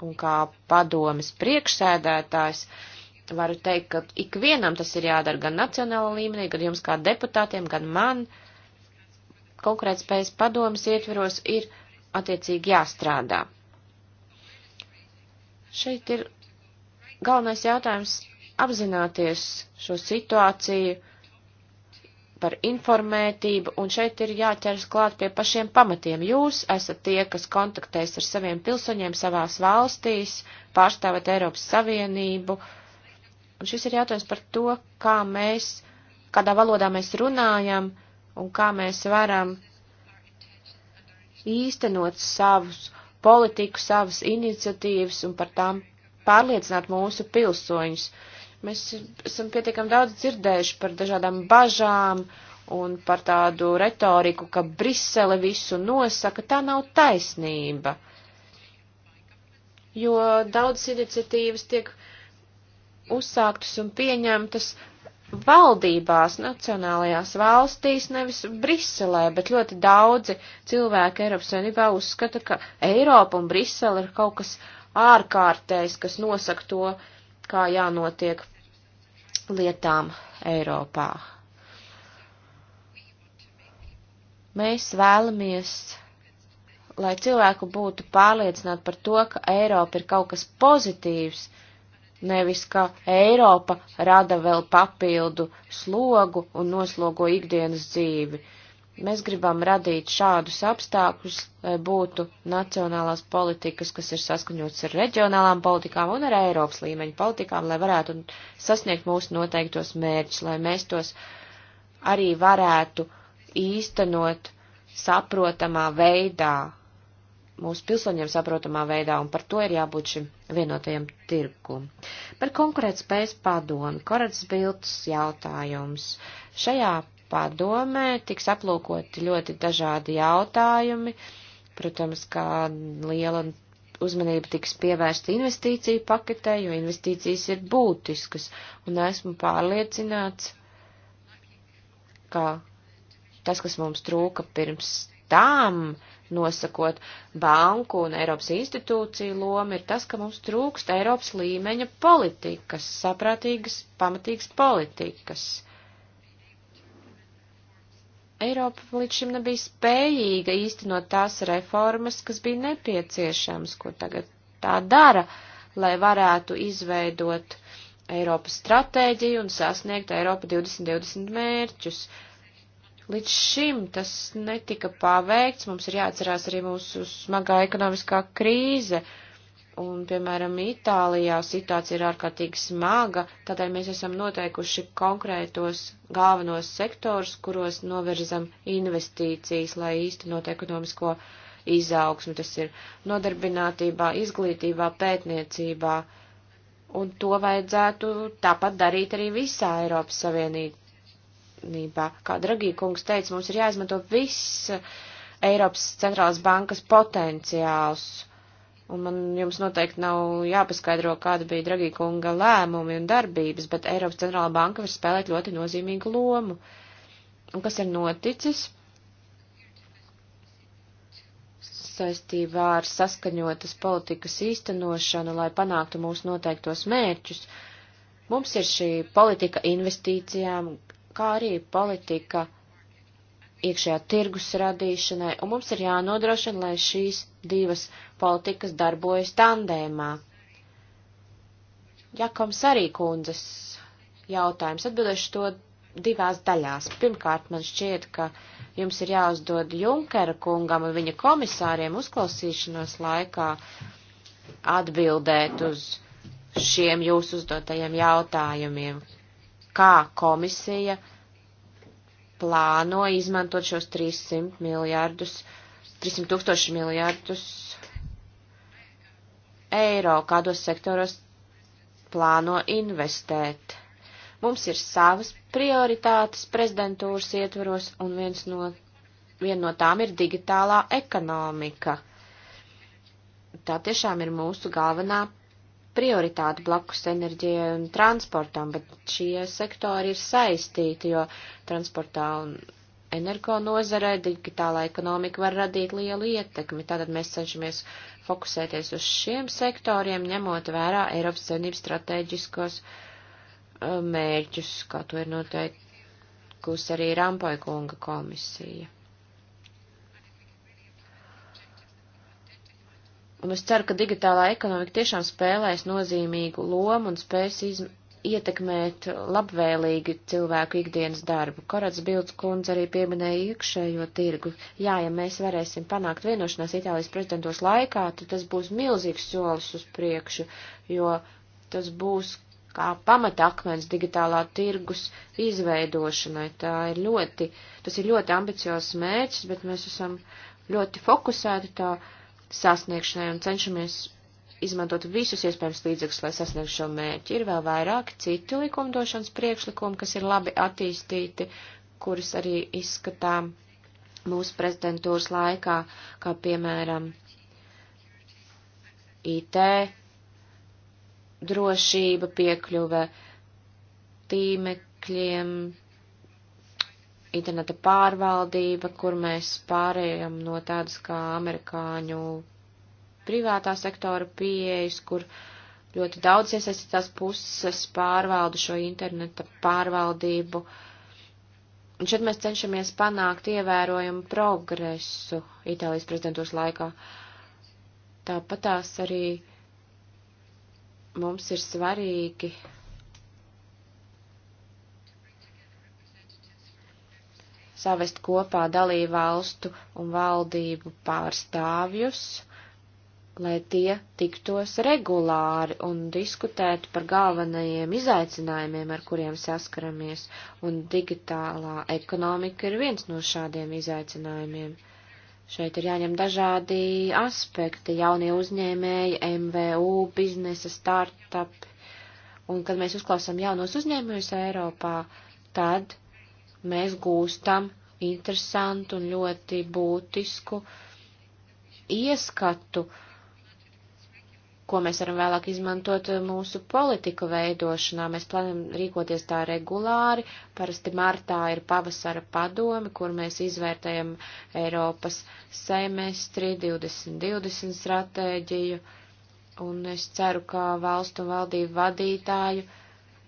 [SPEAKER 3] un kā padomas priekšsēdētājs, varu teikt, ka ikvienam tas ir jādara gan nacionāla līmenī, gan jums kā deputātiem, gan man. Konkurētspējas padomas ietveros ir attiecīgi jāstrādā. Šeit ir galvenais jautājums apzināties šo situāciju par informētību, un šeit ir jāķers klāt pie pašiem pamatiem. Jūs esat tie, kas kontaktēs ar saviem pilsoņiem savās valstīs, pārstāvat Eiropas Savienību, un šis ir jautājums par to, kā mēs, kādā valodā mēs runājam, un kā mēs varam īstenot savus politiku, savas iniciatīvas un par tām pārliecināt mūsu pilsoņus. Uh, Mēs esam pietiekami daudz dzirdējuši par dažādām bažām un par tādu retoriku, ka Brisele visu nosaka. Tā nav taisnība. Jo daudzas iniciatīvas tiek uzsāktas un pieņemtas valdībās, nacionālajās valstīs, nevis Briselē, bet ļoti daudzi cilvēki Eiropas Savienībā uzskata, ka Eiropa un Brisele ir kaut kas ārkārtējs, kas nosaka to kā jānotiek lietām Eiropā. Mēs vēlamies, lai cilvēku būtu pārliecināti par to, ka Eiropa ir kaut kas pozitīvs, nevis ka Eiropa rada vēl papildu slogu un noslogo ikdienas dzīvi. Uh, Mēs gribam radīt šādus apstākļus, lai būtu nacionālās politikas, kas ir saskaņotas ar reģionālām politikām un ar Eiropas līmeņa politikām, lai varētu sasniegt mūsu noteiktos mērķus, lai mēs tos arī varētu īstenot saprotamā veidā, mūsu pilsoņiem saprotamā veidā, un par to ir jābūt šim vienotajam tirgum. Par konkurētspējas padomu, Korats Bilds jautājums. Šajā padomē tiks aplūkoti ļoti dažādi jautājumi. Protams, kā liela uzmanība tiks pievērsta investīciju paketē, jo investīcijas ir būtiskas, un esmu pārliecināts, ka tas, kas mums trūka pirms tam, nosakot banku un Eiropas institūciju lomu, ir tas, ka mums trūkst Eiropas līmeņa politikas, saprātīgas, pamatīgas politikas. Eiropa līdz šim nebija spējīga īstenot tās reformas, kas bija nepieciešams, ko tagad tā dara, lai varētu izveidot Eiropas stratēģiju un sasniegt Eiropa 2020 mērķus. Līdz šim tas netika paveikts, mums ir jāatcerās arī mūsu smagā ekonomiskā krīze. Uh, Un, piemēram, Itālijā situācija ir ārkārtīgi smaga, tādēļ mēs esam noteikuši konkrētos galvenos sektors, kuros novirzam investīcijas, lai īstenot ekonomisko izaugsmu. Tas ir nodarbinātībā, izglītībā, pētniecībā. Un to vajadzētu tāpat darīt arī visā Eiropas Savienībā. Kā Dragī kungs teica, mums ir jāizmanto viss Eiropas centrālās bankas potenciāls Un man jums noteikti nav jāpaskaidro, kāda bija Dragīkunga lēmumi un darbības, bet Eiropas centrālā banka var spēlēt ļoti nozīmīgu lomu. Un kas ir noticis? saistībā ar saskaņotas politikas īstenošanu, lai panāktu mūsu noteiktos mērķus. Mums ir šī politika investīcijām, kā arī politika uh, iekšējā tirgus radīšanai, un mums ir jānodrošina, lai šīs divas politikas darbojas tandēmā. Jakobs arī kundzes jautājums atbildēšu to divās daļās. Pirmkārt, man šķiet, ka jums ir jāuzdod Junkera kungam un viņa komisāriem uzklausīšanos laikā atbildēt uz šiem jūsu uzdotajiem jautājumiem, kā komisija uh, plāno izmantot šos 300 miljārdus, 300 tūkstoši miljārdus eiro, kādos sektoros plāno investēt. Mums ir savas prioritātes prezidentūras ietvaros, un viens no, viena no tām ir digitālā ekonomika. Tā tiešām ir mūsu galvenā prioritāte blakus enerģijai un transportam, bet šie sektori ir saistīti, jo transportā un energo nozarē digitālā ekonomika var radīt lielu ietekmi. Tātad mēs cenšamies fokusēties uz šiem sektoriem, ņemot vērā Eiropas Savienības strateģiskos uh, mērķus, kā to ir noteikusi arī Rampoja kunga komisija. Un es ceru, ka digitālā ekonomika tiešām spēlēs nozīmīgu lomu un spēs izm ietekmēt labvēlīgi cilvēku ikdienas darbu. Korats Bilds kundze arī pieminēja iekšējo tirgu. Jā, ja mēs varēsim panākt vienošanās Itālijas prezidentos laikā, tad tas būs milzīgs solis uz priekšu, jo tas būs kā pamatakmens digitālā tirgus izveidošanai. Tā ir ļoti, tas ir ļoti ambiciozs mērķis, bet mēs esam ļoti fokusēti tā sasniegšanai un cenšamies izmantot visus iespējamos līdzekļus, lai sasniegtu šo mērķi. Ir vēl vairāki citi likumdošanas priekšlikumi, kas ir labi attīstīti, kurus arī izskatām mūsu prezidentūras laikā, kā piemēram IT, drošība, piekļuve tīmekļiem, interneta pārvaldība, kur mēs pārējām no tādas kā amerikāņu privātā sektora pieejas, kur ļoti daudz iesaistītās puses pārvalda šo interneta pārvaldību. Un šeit mēs cenšamies panākt ievērojumu progresu Itālijas prezidentūras laikā. Tāpatās arī mums ir svarīgi savest kopā dalību valstu un valdību pārstāvjus, lai tie tiktos regulāri un diskutētu par galvenajiem izaicinājumiem, ar kuriem saskaramies, un digitālā ekonomika ir viens no šādiem izaicinājumiem. Šeit ir jāņem dažādi aspekti, jaunie uzņēmēji, MVU, biznesa, startup, un kad mēs uzklausām jaunos uzņēmējus Eiropā, tad mēs gūstam interesantu un ļoti būtisku ieskatu, ko mēs varam vēlāk izmantot mūsu politiku veidošanā. Mēs plānojam rīkoties tā regulāri. Parasti martā ir pavasara padomi, kur mēs izvērtējam Eiropas semestri, 2020 stratēģiju. Un es ceru, ka valstu un valdību vadītāju uh,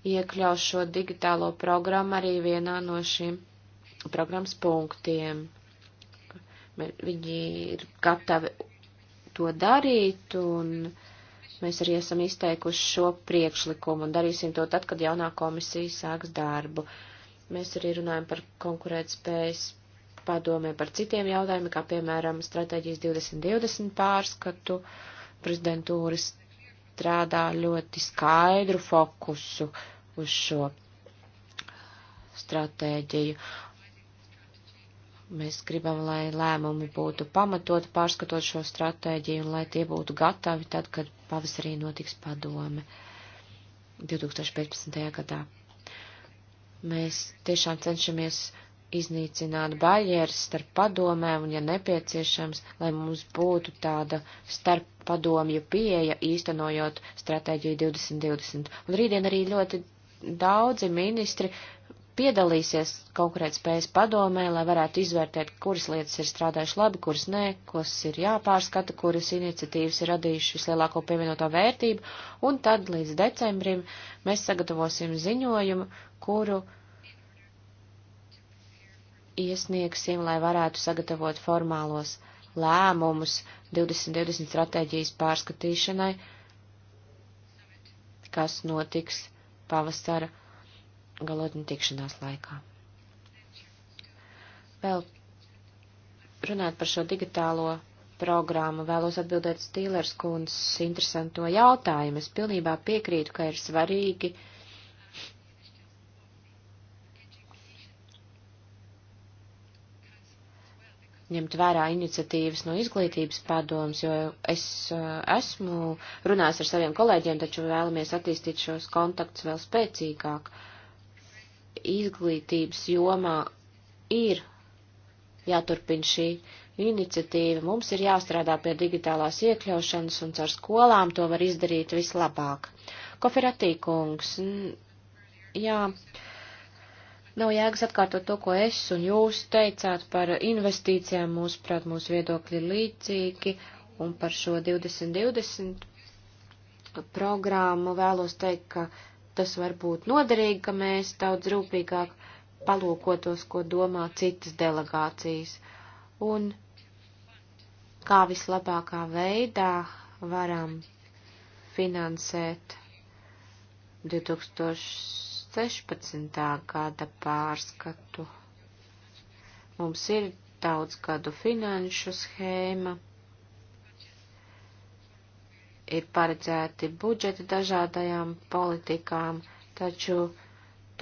[SPEAKER 3] iekļaus šo digitālo programmu arī vienā no šiem programmas punktiem. Viņi ir gatavi to darīt, un mēs arī esam izteikuši šo priekšlikumu, un darīsim to tad, kad jaunā komisija sāks darbu. Mēs arī runājam par konkurētspējas padomē par citiem jautājumiem, kā piemēram stratēģijas 2020 pārskatu. Prezidentūra strādā ļoti skaidru fokusu. Uh, uz šo stratēģiju. Mēs gribam, lai lēmumi būtu pamatot pārskatot šo stratēģiju un lai tie būtu gatavi tad, kad pavasarī notiks padome 2015. gadā. Mēs tiešām cenšamies iznīcināt barjeras starp padomēm un, ja nepieciešams, lai mums būtu tāda starp padomju pieeja īstenojot stratēģiju 2020. Un rītdien arī ļoti daudzi ministri piedalīsies konkurēt spējas padomē, lai varētu izvērtēt, kuras lietas ir strādājuši labi, kuras nē, kuras ir jāpārskata, kuras iniciatīvas ir radījuši vislielāko pievienoto vērtību, un tad līdz decembrim mēs sagatavosim ziņojumu, kuru iesniegsim, lai varētu sagatavot formālos lēmumus 2020 stratēģijas pārskatīšanai, kas notiks pavasara galotņu tikšanās laikā. Vēl runāt par šo digitālo programmu, vēlos atbildēt Stīlers kundzes interesanto jautājumu. Es pilnībā piekrītu, ka ir svarīgi uh, ņemt vērā iniciatīvas no izglītības padomas, jo es uh, esmu runājis ar saviem kolēģiem, taču vēlamies attīstīt šos kontaktus vēl spēcīgāk. Izglītības jomā ir jāturpina šī iniciatīva, mums ir jāstrādā pie digitālās iekļaušanas un caur skolām to var izdarīt vislabāk. Koferatī kungs, jā. Uh, Nav jēgas atkārtot to, ko es un jūs teicāt par investīcijām, mūsuprāt, mūsu viedokļi ir līdzīgi, un par šo 2020 programmu vēlos teikt, ka tas var būt noderīgi, ka mēs daudz rūpīgāk palūkotos, ko domā citas delegācijas, un kā vislabākā veidā varam finansēt 2000. 16. gada pārskatu. Mums ir daudz gadu finanšu schēma, ir paredzēti budžeti dažādajām politikām, taču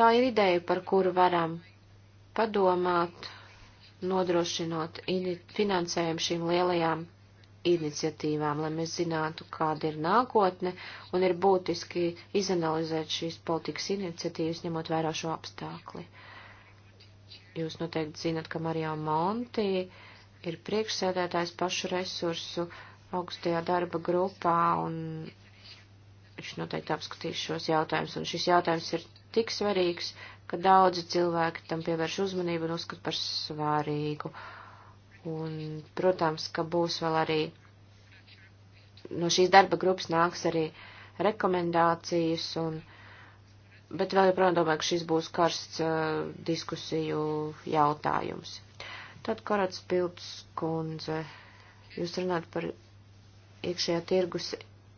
[SPEAKER 3] tā ir ideja, par kuru varam padomāt, nodrošinot finansējumu šīm lielajām iniciatīvām, lai mēs zinātu, kāda ir nākotne, un ir būtiski izanalizēt šīs politikas iniciatīvas, ņemot vērā šo apstākli. Jūs noteikti zinat, ka Marijā Monti ir priekšsēdētājs pašu resursu augstajā darba grupā, un viņš noteikti apskatīs šos jautājumus, un šis jautājums ir tik svarīgs, ka daudzi cilvēki tam pievērš uzmanību un uzskat par svārīgu. Uh, Un, protams, ka būs vēl arī no šīs darba grupas nāks arī rekomendācijas, un, bet vēl joprojām domāju, ka šis būs karsts uh, diskusiju jautājums. Tad Korats Pilts kundze, jūs runājat par iekšējā tirgus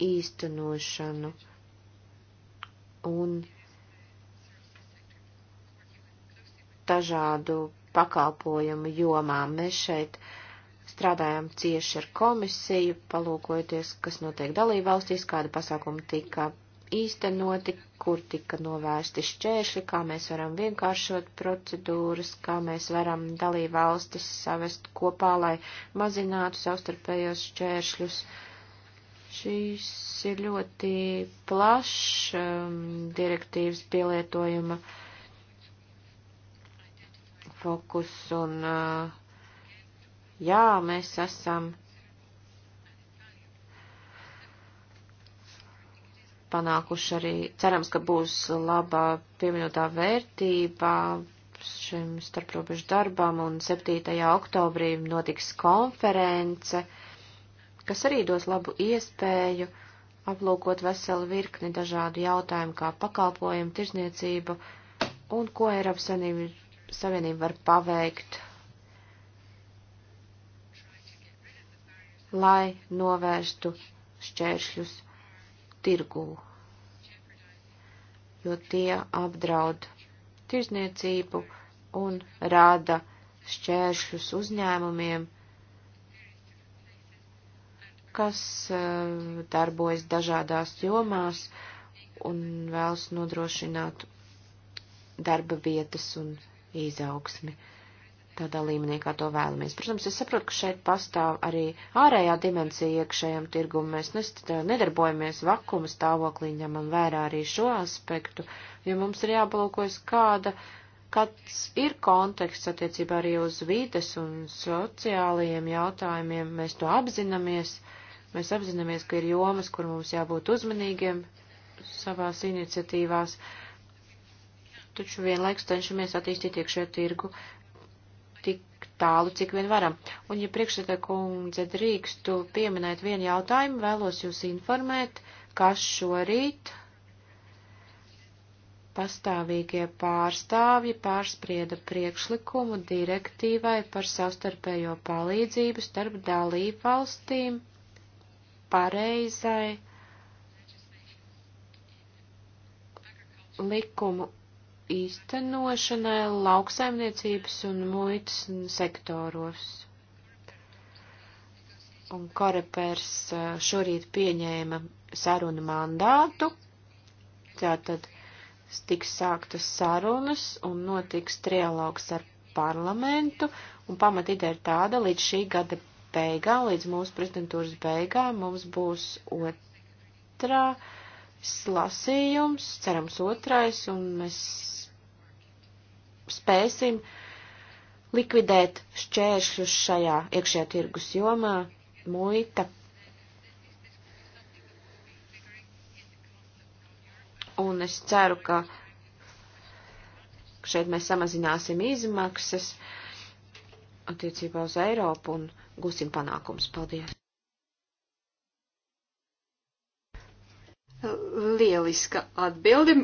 [SPEAKER 3] īstenošanu un dažādu pakalpojumu jomām. Mēs šeit strādājām cieši ar komisiju, palūkojoties, kas notiek dalībvalstīs, kāda pasākuma tika īstenoti, kur tika novērsti šķēršļi, kā mēs varam vienkāršot procedūras, kā mēs varam dalībvalstis savest kopā, lai mazinātu savstarpējos šķēršļus. Šīs ir ļoti plašs um, direktīvas pielietojuma uh, fokus un jā, mēs esam panākuši arī, cerams, ka būs laba pievienotā vērtība šim starprobežu darbam, un 7. oktobrī notiks konference, kas arī dos labu iespēju aplūkot veselu virkni dažādu jautājumu, kā pakalpojumu, tirzniecību, un ko Eiropas Savienība Savienība var paveikt, lai novērstu šķēršļus tirgū, jo tie apdraud tirzniecību un rāda šķēršļus uzņēmumiem, kas eh, darbojas dažādās jomās un vēlas nodrošināt darba vietas un izaugsmi tādā līmenī, kā to vēlamies. Protams, es saprotu, ka šeit pastāv arī ārējā dimensija iekšējam tirgumam. Mēs nedarbojamies vakuma stāvoklī, ņemam vērā arī šo aspektu, jo mums ir jābalūkojas, kāda, kāds ir konteksts attiecībā arī uz vides un sociālajiem jautājumiem. Mēs to apzināmies. Mēs apzināmies, ka ir jomas, kur mums jābūt uzmanīgiem savās iniciatīvās. Uh, taču vienlaiks cenšamies attīstīt iekšējo tirgu tik tālu, cik vien varam. Un, ja priekšsēdē kundze drīkstu pieminēt vienu jautājumu, vēlos jūs informēt, kas šorīt pastāvīgie pārstāvji pārsprieda priekšlikumu direktīvai par savstarpējo palīdzību starp dalībvalstīm pareizai likumu īstenošanai lauksaimniecības un muitas sektoros. Un Korepers šorīt pieņēma sarunu mandātu, tātad tiks sāktas sarunas un notiks trialogs ar parlamentu, un pamat ideja ir tāda, līdz šī gada beigām, līdz mūsu prezidentūras beigām mums būs otrā lasījums, cerams otrais, un mēs spēsim likvidēt šķēršļus šajā iekšējā tirgus jomā, muita. Un es ceru, ka šeit mēs samazināsim izmaksas attiecībā uz Eiropu un gūsim panākums. Paldies!
[SPEAKER 1] Lieliska atbildi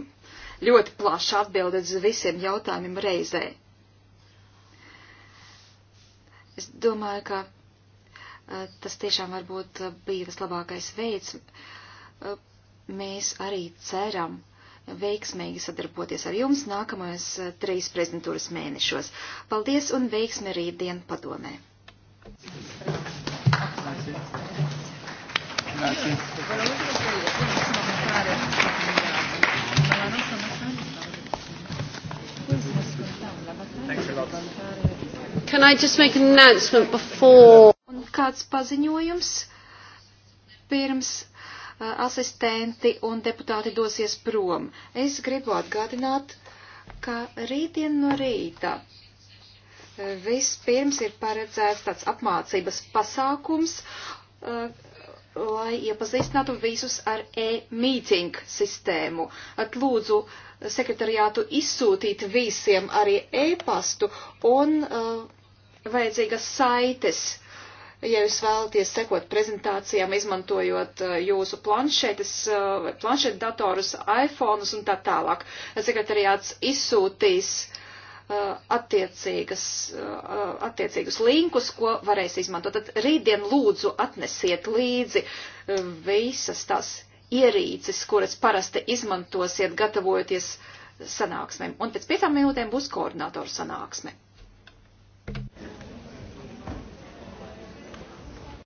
[SPEAKER 1] ļoti plaša atbilde uz visiem jautājumiem reizē. Es domāju, ka uh, tas tiešām varbūt bija vislabākais veids. Uh, mēs arī ceram veiksmīgi sadarboties ar jums nākamajos uh, trīs prezidentūras mēnešos. Paldies un veiksmi rītdien padomē! Grazie.
[SPEAKER 4] Grazie. Thanks a lot.
[SPEAKER 1] Can I just make an announcement before? Un kāds paziņojums pirms uh, asistenti un deputāti dosies prom. Es gribu atgādināt, ka rītdien no rīta uh, vispirms ir paredzēts tāds apmācības pasākums, uh, lai iepazīstinātu visus ar e-mīting sistēmu. At lūdzu sekretariātu izsūtīt visiem arī e-pastu un uh, vajadzīgas saites. Ja jūs vēlaties sekot prezentācijām, izmantojot uh, jūsu planšetes, uh, planšetdatorus, iPhones un tā tālāk, sekretariāts izsūtīs uh, Uh, attiecīgas, uh, attiecīgus linkus, ko varēs izmantot. Tad rītdien lūdzu atnesiet līdzi uh, visas tās ierīces, kuras parasti izmantosiet, gatavojoties sanāksmēm. Un pēc piecām minūtēm
[SPEAKER 4] būs koordinātoru sanāksme.